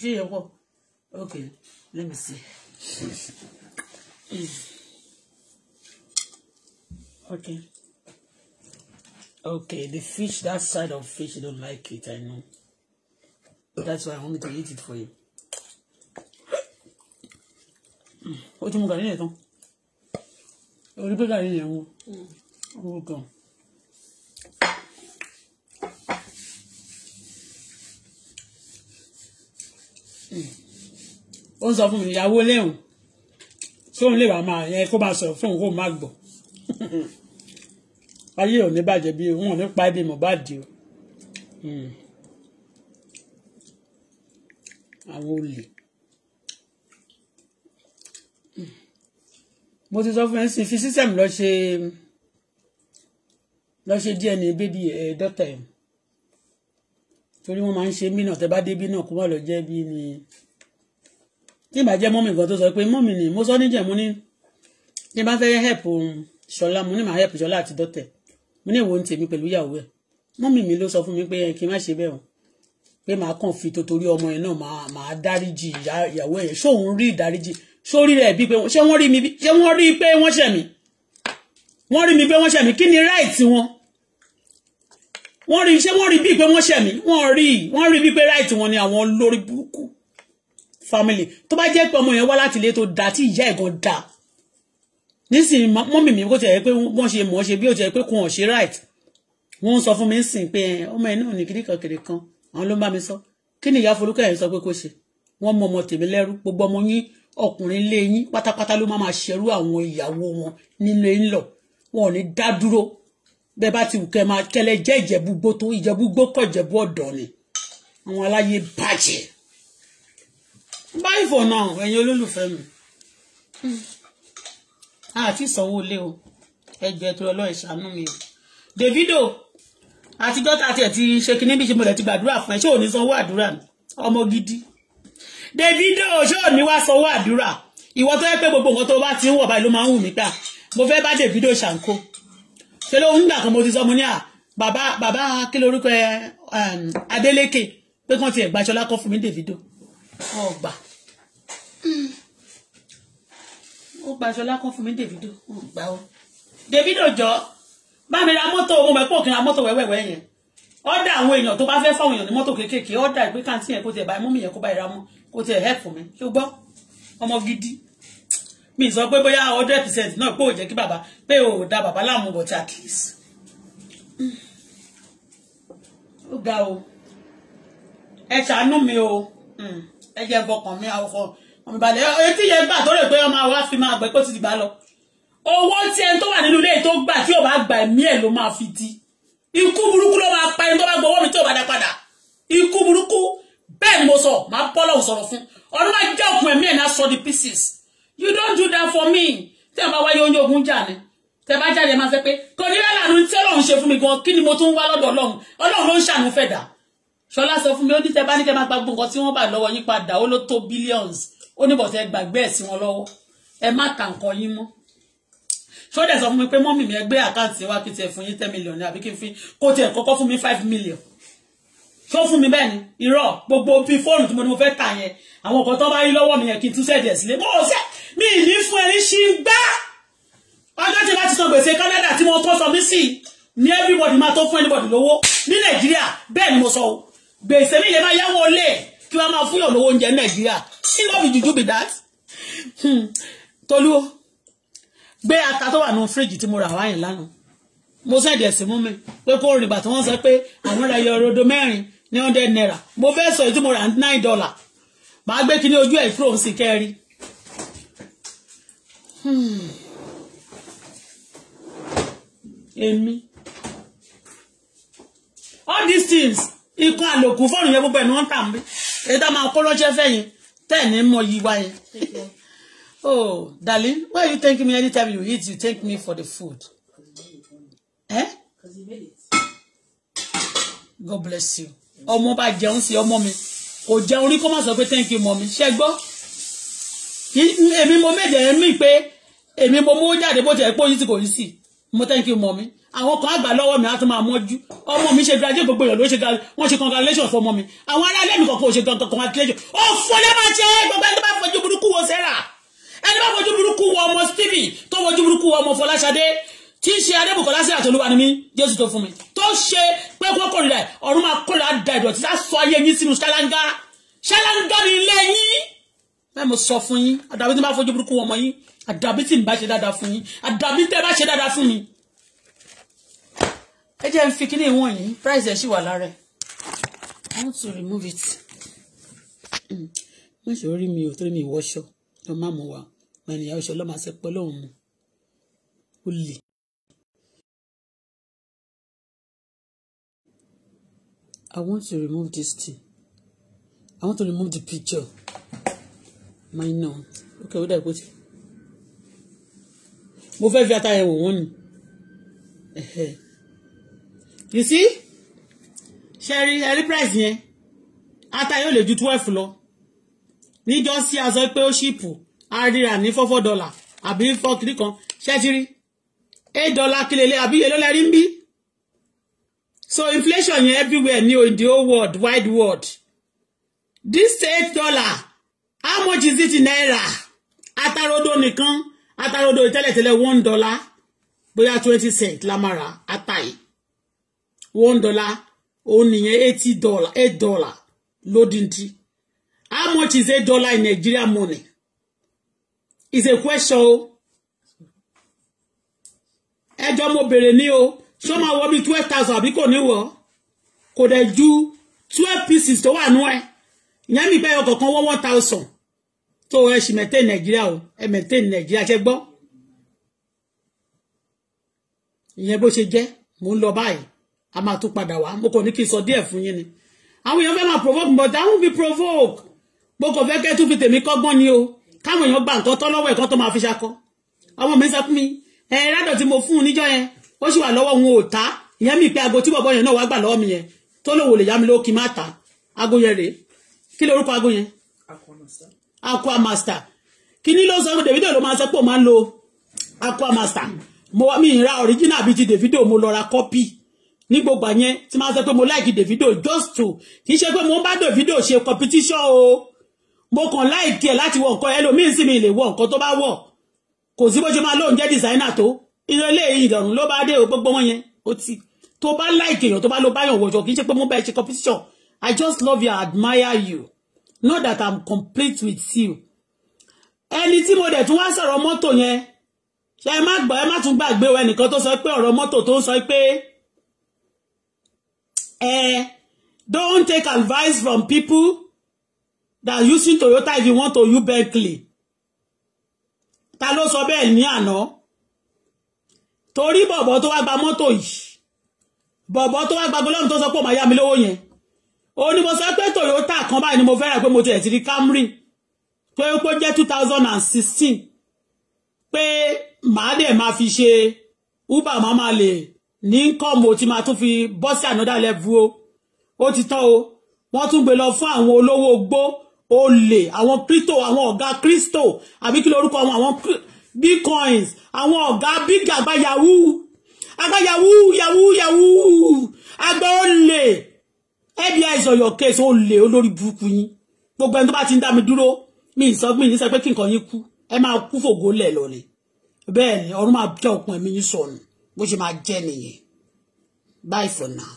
ṣé yẹ okay let me see. Okay. Okay, the fish, that side of fish, you don't like it, I know. That's why I want me to eat it for you. Ó mm. ti mú gàrí yẹn tán. Orí pé gàrí yẹn wú. Wú gan. Ó ń sọ fún mi, ìyàwó lẹ́hùn. Sóun lè wà máa yẹn kó bá sọ̀rọ̀ fóun kó má gbọ́. ayé ò ní bàjẹ́ bí wọn ò ní pa ibi Mohbad o hmm. àwọn olè hmm. mo ti sọ fún ẹ sí fi system lọ ṣe lọ ṣe díẹ̀ ní bébí ẹ dọ́tà ẹ torí wọn máa ń ṣe mí náà tẹ bá débí náà kó má lọ jẹ bí ni tí ìbá jẹ mọ́mì nǹkan tó sọ pé mọ́mì ni mo sọ níjẹ̀ mo ní tí bá fẹ́ help òun ṣọlá mo ní màá help ṣọlá àti dọ́tẹ̀ mo ní èwo ń tèmi pẹ̀lú ìyàwó ẹ̀ mọ́mì mi ló sọ fún mi pé kí n má ṣe bẹ́ẹ̀ o pé màá kàn fi tòtórí ọmọ yẹn náà màá màá dáríjì ìyàwó ẹ̀ ṣóun rí ìdáríjì sórí rẹ̀ bíi pé ṣé wọ́n rí mi ṣé wọ́n rí pé wọ́n ṣẹ̀ mí wọ́n rí mi pé wọ́n ṣẹ̀ mí kí ni ráìtì wọn wọ́n rí ṣé wọ́n rí bíi pé wọ́n ṣẹ̀ mí wọ́n rí wọ́n rí bíi pé ráìtì wọn ni àwọn olórí burúkú family tó bá jẹ́ pé ọmọ yẹn wá láti ilé tó dáa tí ìyá ẹ̀ dáa nísìnyí mọ́mì mi kò tẹ̀ pé wọ́n ṣe mọ̀ ṣe bí ó tẹ̀ pé kò hàn ṣe right wọ́n sọ fún mi ń sìn pé ọmọ ẹ̀ náà ní kiri kan kiri kan àwọn ló ń bá mi sọ kí ni ìyá Folúkẹ́ yẹn sọ pé kó ṣe wọ́n mọ ọmọ tèmi lẹ́rú gbogbo ọmọ yín ọkùnrin ilé yín pátápátá ló má máa ṣerú àwọn ìyàwó wọn nínú ẹ̀ ń lọ wọn ò ní dá dúró bẹ́ẹ̀ bá ti wù kẹ́ máa kẹlẹ́ jẹ́ ìjẹ̀búgbó tó ìjẹ̀búgbó kọ̀ ìjẹ̀bú ọ̀dọ̀ ni àwọn aláyé bàjẹ́ báyìí fọ̀ náà ẹ̀yin olólùfẹ́ mi. Mm àti ìsanwó ilé o ẹgbẹ́ tó lọ́ọ́ ìṣàánú mi o Davido àtijọ́ tá a tiẹ̀ ti ṣe kinní bí ṣe mo ti gbàdúrà fún ẹ ṣé ò ní sanwó àdúrà ni ọmọ gidi Davido ṣé ò ní wá sanwó àdúrà ìwọ tó yẹ pé gbogbo nǹkan tó bá ti ń wọ̀ báyìí ló máa ń wù mí gbà mo fẹ́ bá Davido ṣàǹkó ṣe ló ń gbà kan mo ti sọ mo ní à bàbá bàbá kí lorúkọ ẹ Adeleke pé kàn ti ẹ̀ gbàṣọlá kọ́ fún mi Davido ọgbà. Mm ó gbaṣọ lákàn fún mi Davido ó gbà ó Davido jọ bá mi ra mọ́tò mo mọ̀ pé òkè ra mọ́tò wẹ́wẹ́wẹ́ yẹn ọ́dà àwọn èèyàn tó bá fẹ́ fáwọn èèyàn ní mọ́tò kéékèèké ọ́dà ìpín kàǹtì yẹn kó tiẹ̀ báyìí mọ́mì yẹn kó báyìí ra mọ́ kó tiẹ̀ help mi ṣó gbọ́ ọmọ gidi mi sọ pé bóyá hundred percent náà pé ò jẹ́ kí bàbá pé ò da bàbá láàmú but at least ó ga o ẹ ṣàánú mi o hmm. ẹ jẹ́ fọkàn mi àwọn ọmọ ìbàlẹ̀ etí yẹn gbà tó rè pé ọmọ àwa fi máa gbẹ kó ti dìgbà lọ owó tí ẹni tó wà nínú ilé tó gbà tí ò bá gbà ẹ̀mí ẹ̀ ló máa fi di ikú burúkú ló máa pa ẹni tó bá gbọ́ owó mi tí ò bá dá padà ikú burúkú bẹ́ẹ̀ ni mo sọ máa pọ́ lọ́hùn sọ̀rọ̀ fún ọdún máa jẹ́ òkun ẹ̀mí ẹ̀ náà sọ di pieces you don't do that for me tẹ́ ẹ bá wáyé oúnjẹ ogun jà ni tẹ́ bá jáde máa fẹ́ pé kò ní bẹ́ẹ̀ lànà tí ọlọ́run ṣe fún mi gan kí ni mo tún wá lọ́dọ̀ ọlọ́run ọlọ́run ló ń ṣàánú fẹ́ ṣọlá sọ fún mi ó ní tẹ́ bá ní kẹ́ máa gba nǹkan tí wọ́n bá lọ́wọ́ yín padà ó ló tó billions ó ní bọ̀tẹ́ gbàgbé ẹ̀ sí wọn lọ́wọ́ ẹ má kà ń kọ yín mọ́ ṣó dẹ̀ sọ fún mi pé mọ́mì mi ẹgbẹ́ àkáǹtì wa kí tiẹ̀ fún yín ten million ni àbí kí n fi kó tiẹ̀ kọ́kọ́ fún mi five million ṣó fún mi bẹ́ẹ̀ ni irọ́ gbogbo bíi fóònù tí mo ní mo fẹ́ tà yẹn àwọn nǹkan tó bá rí lọ́wọ́ mi yẹn kí n tún sẹ́ẹ̀dì ẹ̀ sílé bó o sẹ́ mi ì ní fún ẹni ṣì ń gbá ọjọ́ tí bá ti san gbèsè Canada tí mo tọ́ sọ mí sí ni everybody máa tó fún anybody lówó ní Nàìjíríà bẹ́ẹ̀ ni mo sọ o gbèsè mi lè máa yáwó lé kí wọ́n máa fúnyàn lówó oúnjẹ nàìjíríà kí lọ́ọ̀bì jùjú bì dát tolú o gbé ata tó wà nù fíríjì tí mo rà wáyìn lánàá mo sẹ́ẹ̀dì ẹ̀sìn mú mi pé kó rìn bàtà wọ́n sọ pé àwọn ra yọ rodo mẹ́rin ní hundred naira mo fẹ́ sọ èyí tí mo rà nine dollar màá gbé kí ní ojú ẹ̀ kúrò sí kẹrin. Hmm. èmi all these things ikọ̀ àlòkù fọ́ọ̀nù yẹn gbogbo ẹ̀ ni wọ́n tà ń bí ètò àwọn akọ́lọ́jẹ́ fẹ́yìn tẹ́ẹ̀ ní mọ yí wáyé oh darling why you thank me anytime you eat you thank me for the food eh? God bless you ọmọ bá jẹun sí ọmọ mi kò jẹun rí kó má sọ pé thank you mommy. mi ṣe gbọ́ èmi mo méje mi pé èmi mo mú jáde bó ti ẹ̀ pé oyin ti kò yí sí mo thank you mọ́mí àwọn kan àgbà lọ́wọ́ mi á tún máa mọ́jú ọmọ mi ṣe graduate gbogbo èèyàn ló ṣe wọ́n ṣe congratulation fún ọmọ mi àwọn aráàlú mi kọ̀ọ̀kan ò ṣe congratulation ó fọlẹ́ máa ṣe gbogbo ẹni tó bá fojú burúkú wo sarah ẹni bá fojú burúkú wo ọmọ stephen tó fojú burúkú wo ọmọ fọláṣadé tí ń ṣe adébùkọ́lá sí àtolúwa ni mí jésù tó fún mi tó ṣe pé kó kórìíra ẹ̀ ọ̀run máa kórìíra da ìdọ̀tí sá sọ ayé yín sínú ṣáláńgá ṣáláńgá ni ilé yín bẹ́ẹ̀ mo sọ fún yín àdàbí tí wọ́n bá fojú burúkú wọ́n mọ yín àdàbí tí n bá ṣe dáadáa fún yín àdàbí tẹ́ bá ṣe dáadáa fún mi. ẹ jẹ́ n fi kíní ìwọ̀n yìí price ẹ̀ ṣì wà lára ẹ̀ I want to remove it. wọ́n mm. ṣe orí mi ò torí mi ìwọ́ṣọ lọ máa mú wa wọn ènìyàn ọṣọ lọ́ọ́ máa ṣe pẹ́ lọ́hùn mu ó lè. I want to remove this thing. I want to remove the picture. My no. Okay, what I put it? mo fẹ́ fi ata yẹn wò wọ́n ni you see ṣẹ́rí ẹ̀rí price yẹn ata yóò lè ju twelve lọ níjọ́ sí aṣọ pé ó ṣìpù a ríra ní four four dollar àbí four kiri kan ṣẹ́tírí eight dollar kílélẹ̀ àbí yẹn ló lẹ́rí ń bí so inflation yẹn everywhere ní the whole world wide world this eight dollar how much is it in naira atarodo nìkan atarodo tẹ́lẹ̀tẹ́lẹ̀ one dollar bóyá twenty cent Lamara máa one dollar òun nìyẹn eighty dollar eight dollar lódìndín how much is eight dollar in Nigeria money is a question o ẹjọ́ mo béèrè ní o ṣé máa wọ bí twelve thousand àbí kò ní wọ̀ kò dẹ̀ ju twelve pieces tó wà nú ẹ̀ yẹn mi bẹ́ẹ̀ ọkọ̀ọ̀kan wọ́ one thousand tó ẹ sì maintain nàìjíríà o ẹ maintain nàìjíríà ṣe gbọ́ ìyẹn bó ṣe jẹ́ mò ń lọ báyìí a máa tún padà wá mo kò ní kí n sọ díẹ̀ fún yín ni àwọn èèyàn fẹ́ máa provoke but àwọn fi provoke mo kò fẹ́ kẹ́ tún fi tèmi kọ́gbọ́n ni o káwọn èèyàn gba nǹkan tọ́ lọ́wọ́ ẹ̀kọ́ tó máa fi ṣakọ ọmọ mi sọ fún mi ẹ ládọ̀ tí mo fún un níjọ́ yẹn ó sì wà lọ́wọ́ òun ò ta ìyẹn mi pé aago tí bọ̀bọ̀ yẹn náà wá gbà lọ́wọ́ mi yẹn tó lòwò lè yá mi lówó má ta aago yẹn rèé kí lorúkọ aago yẹn aqua master kini ló sọ pé Davido ló máa sọ pé ó máa ń lo aqua master mo wá mi ra original bíi ti Davido mo lọ ra copy ní gbogbo àyẹn tí máa sọ pé mo like Davido just to kì í ṣe pé mo ń bá Davido ṣe competition o mo kàn like ẹ̀ láti wọ nǹkan ẹlòmíín sì mi lè wọ nǹkan tó bá wọ̀ kò sí bó ṣe máa lóun jẹ́ designer tó inú ilé ìdọ̀rùn ló bá dé o gbogbo wọn yẹn ó ti tó bá like èèyàn tó bá lo báyọ̀ wọ̀jọ̀ kì í ṣe pé mo bá ẹ ṣe competition I just love you I admire you Know that i'm complete with you ẹni tí mo dẹ̀ tún wá sọ̀rọ̀ mọ́tò yẹn ṣe ẹ má gbọ́ ẹ back. tún when o ẹnìkan tó sọ pé ọ̀rọ̀ mọ́tò tó sọ pay. Eh, don't take advice from people that using Toyota if you want to use Bentley ta ló sọ bẹ́ẹ̀ ní àná torí bọ̀bọ̀ tó wá gba mọ́tò yìí bọ̀bọ̀ tó wá gba gbọ́lọ́run tó sọ pé ó máa yá mi ó ní mo sọ pé Toyota kan báyìí ni mo fẹ́ rà pé mo tiẹ̀ ti rí Camry tó yẹ kó jẹ́ two thousand and sixteen pé màá dẹ̀ máa fi ṣe Uber máa máa lè ní kọ́ọ̀mù tí máa tún fi bọ́ sí another level o ó ti tán o wọ́n tún gbé lọ fún àwọn olówó gbó olè àwọn crypto àwọn ọ̀gá crypto àbí kí lorúkọ àwọn àwọn bitcoins àwọn ọ̀gá big àgbà yahoo àgbà yahoo yahoo yahoo àgbà olè. FBI is on your case ó lè olórí burúkú yín gbogbo ẹni tó bá ti ń dá mi dúró mi ì sọ mi ì sọ pé kí nǹkan yín kú ẹ máa kú fògo lẹ̀ lọ ni bẹ́ẹ̀ ni ọ̀run máa jẹ́ òpin ẹ̀mí yín sọnù bó ṣe máa jẹ́ nìyẹn bye for now.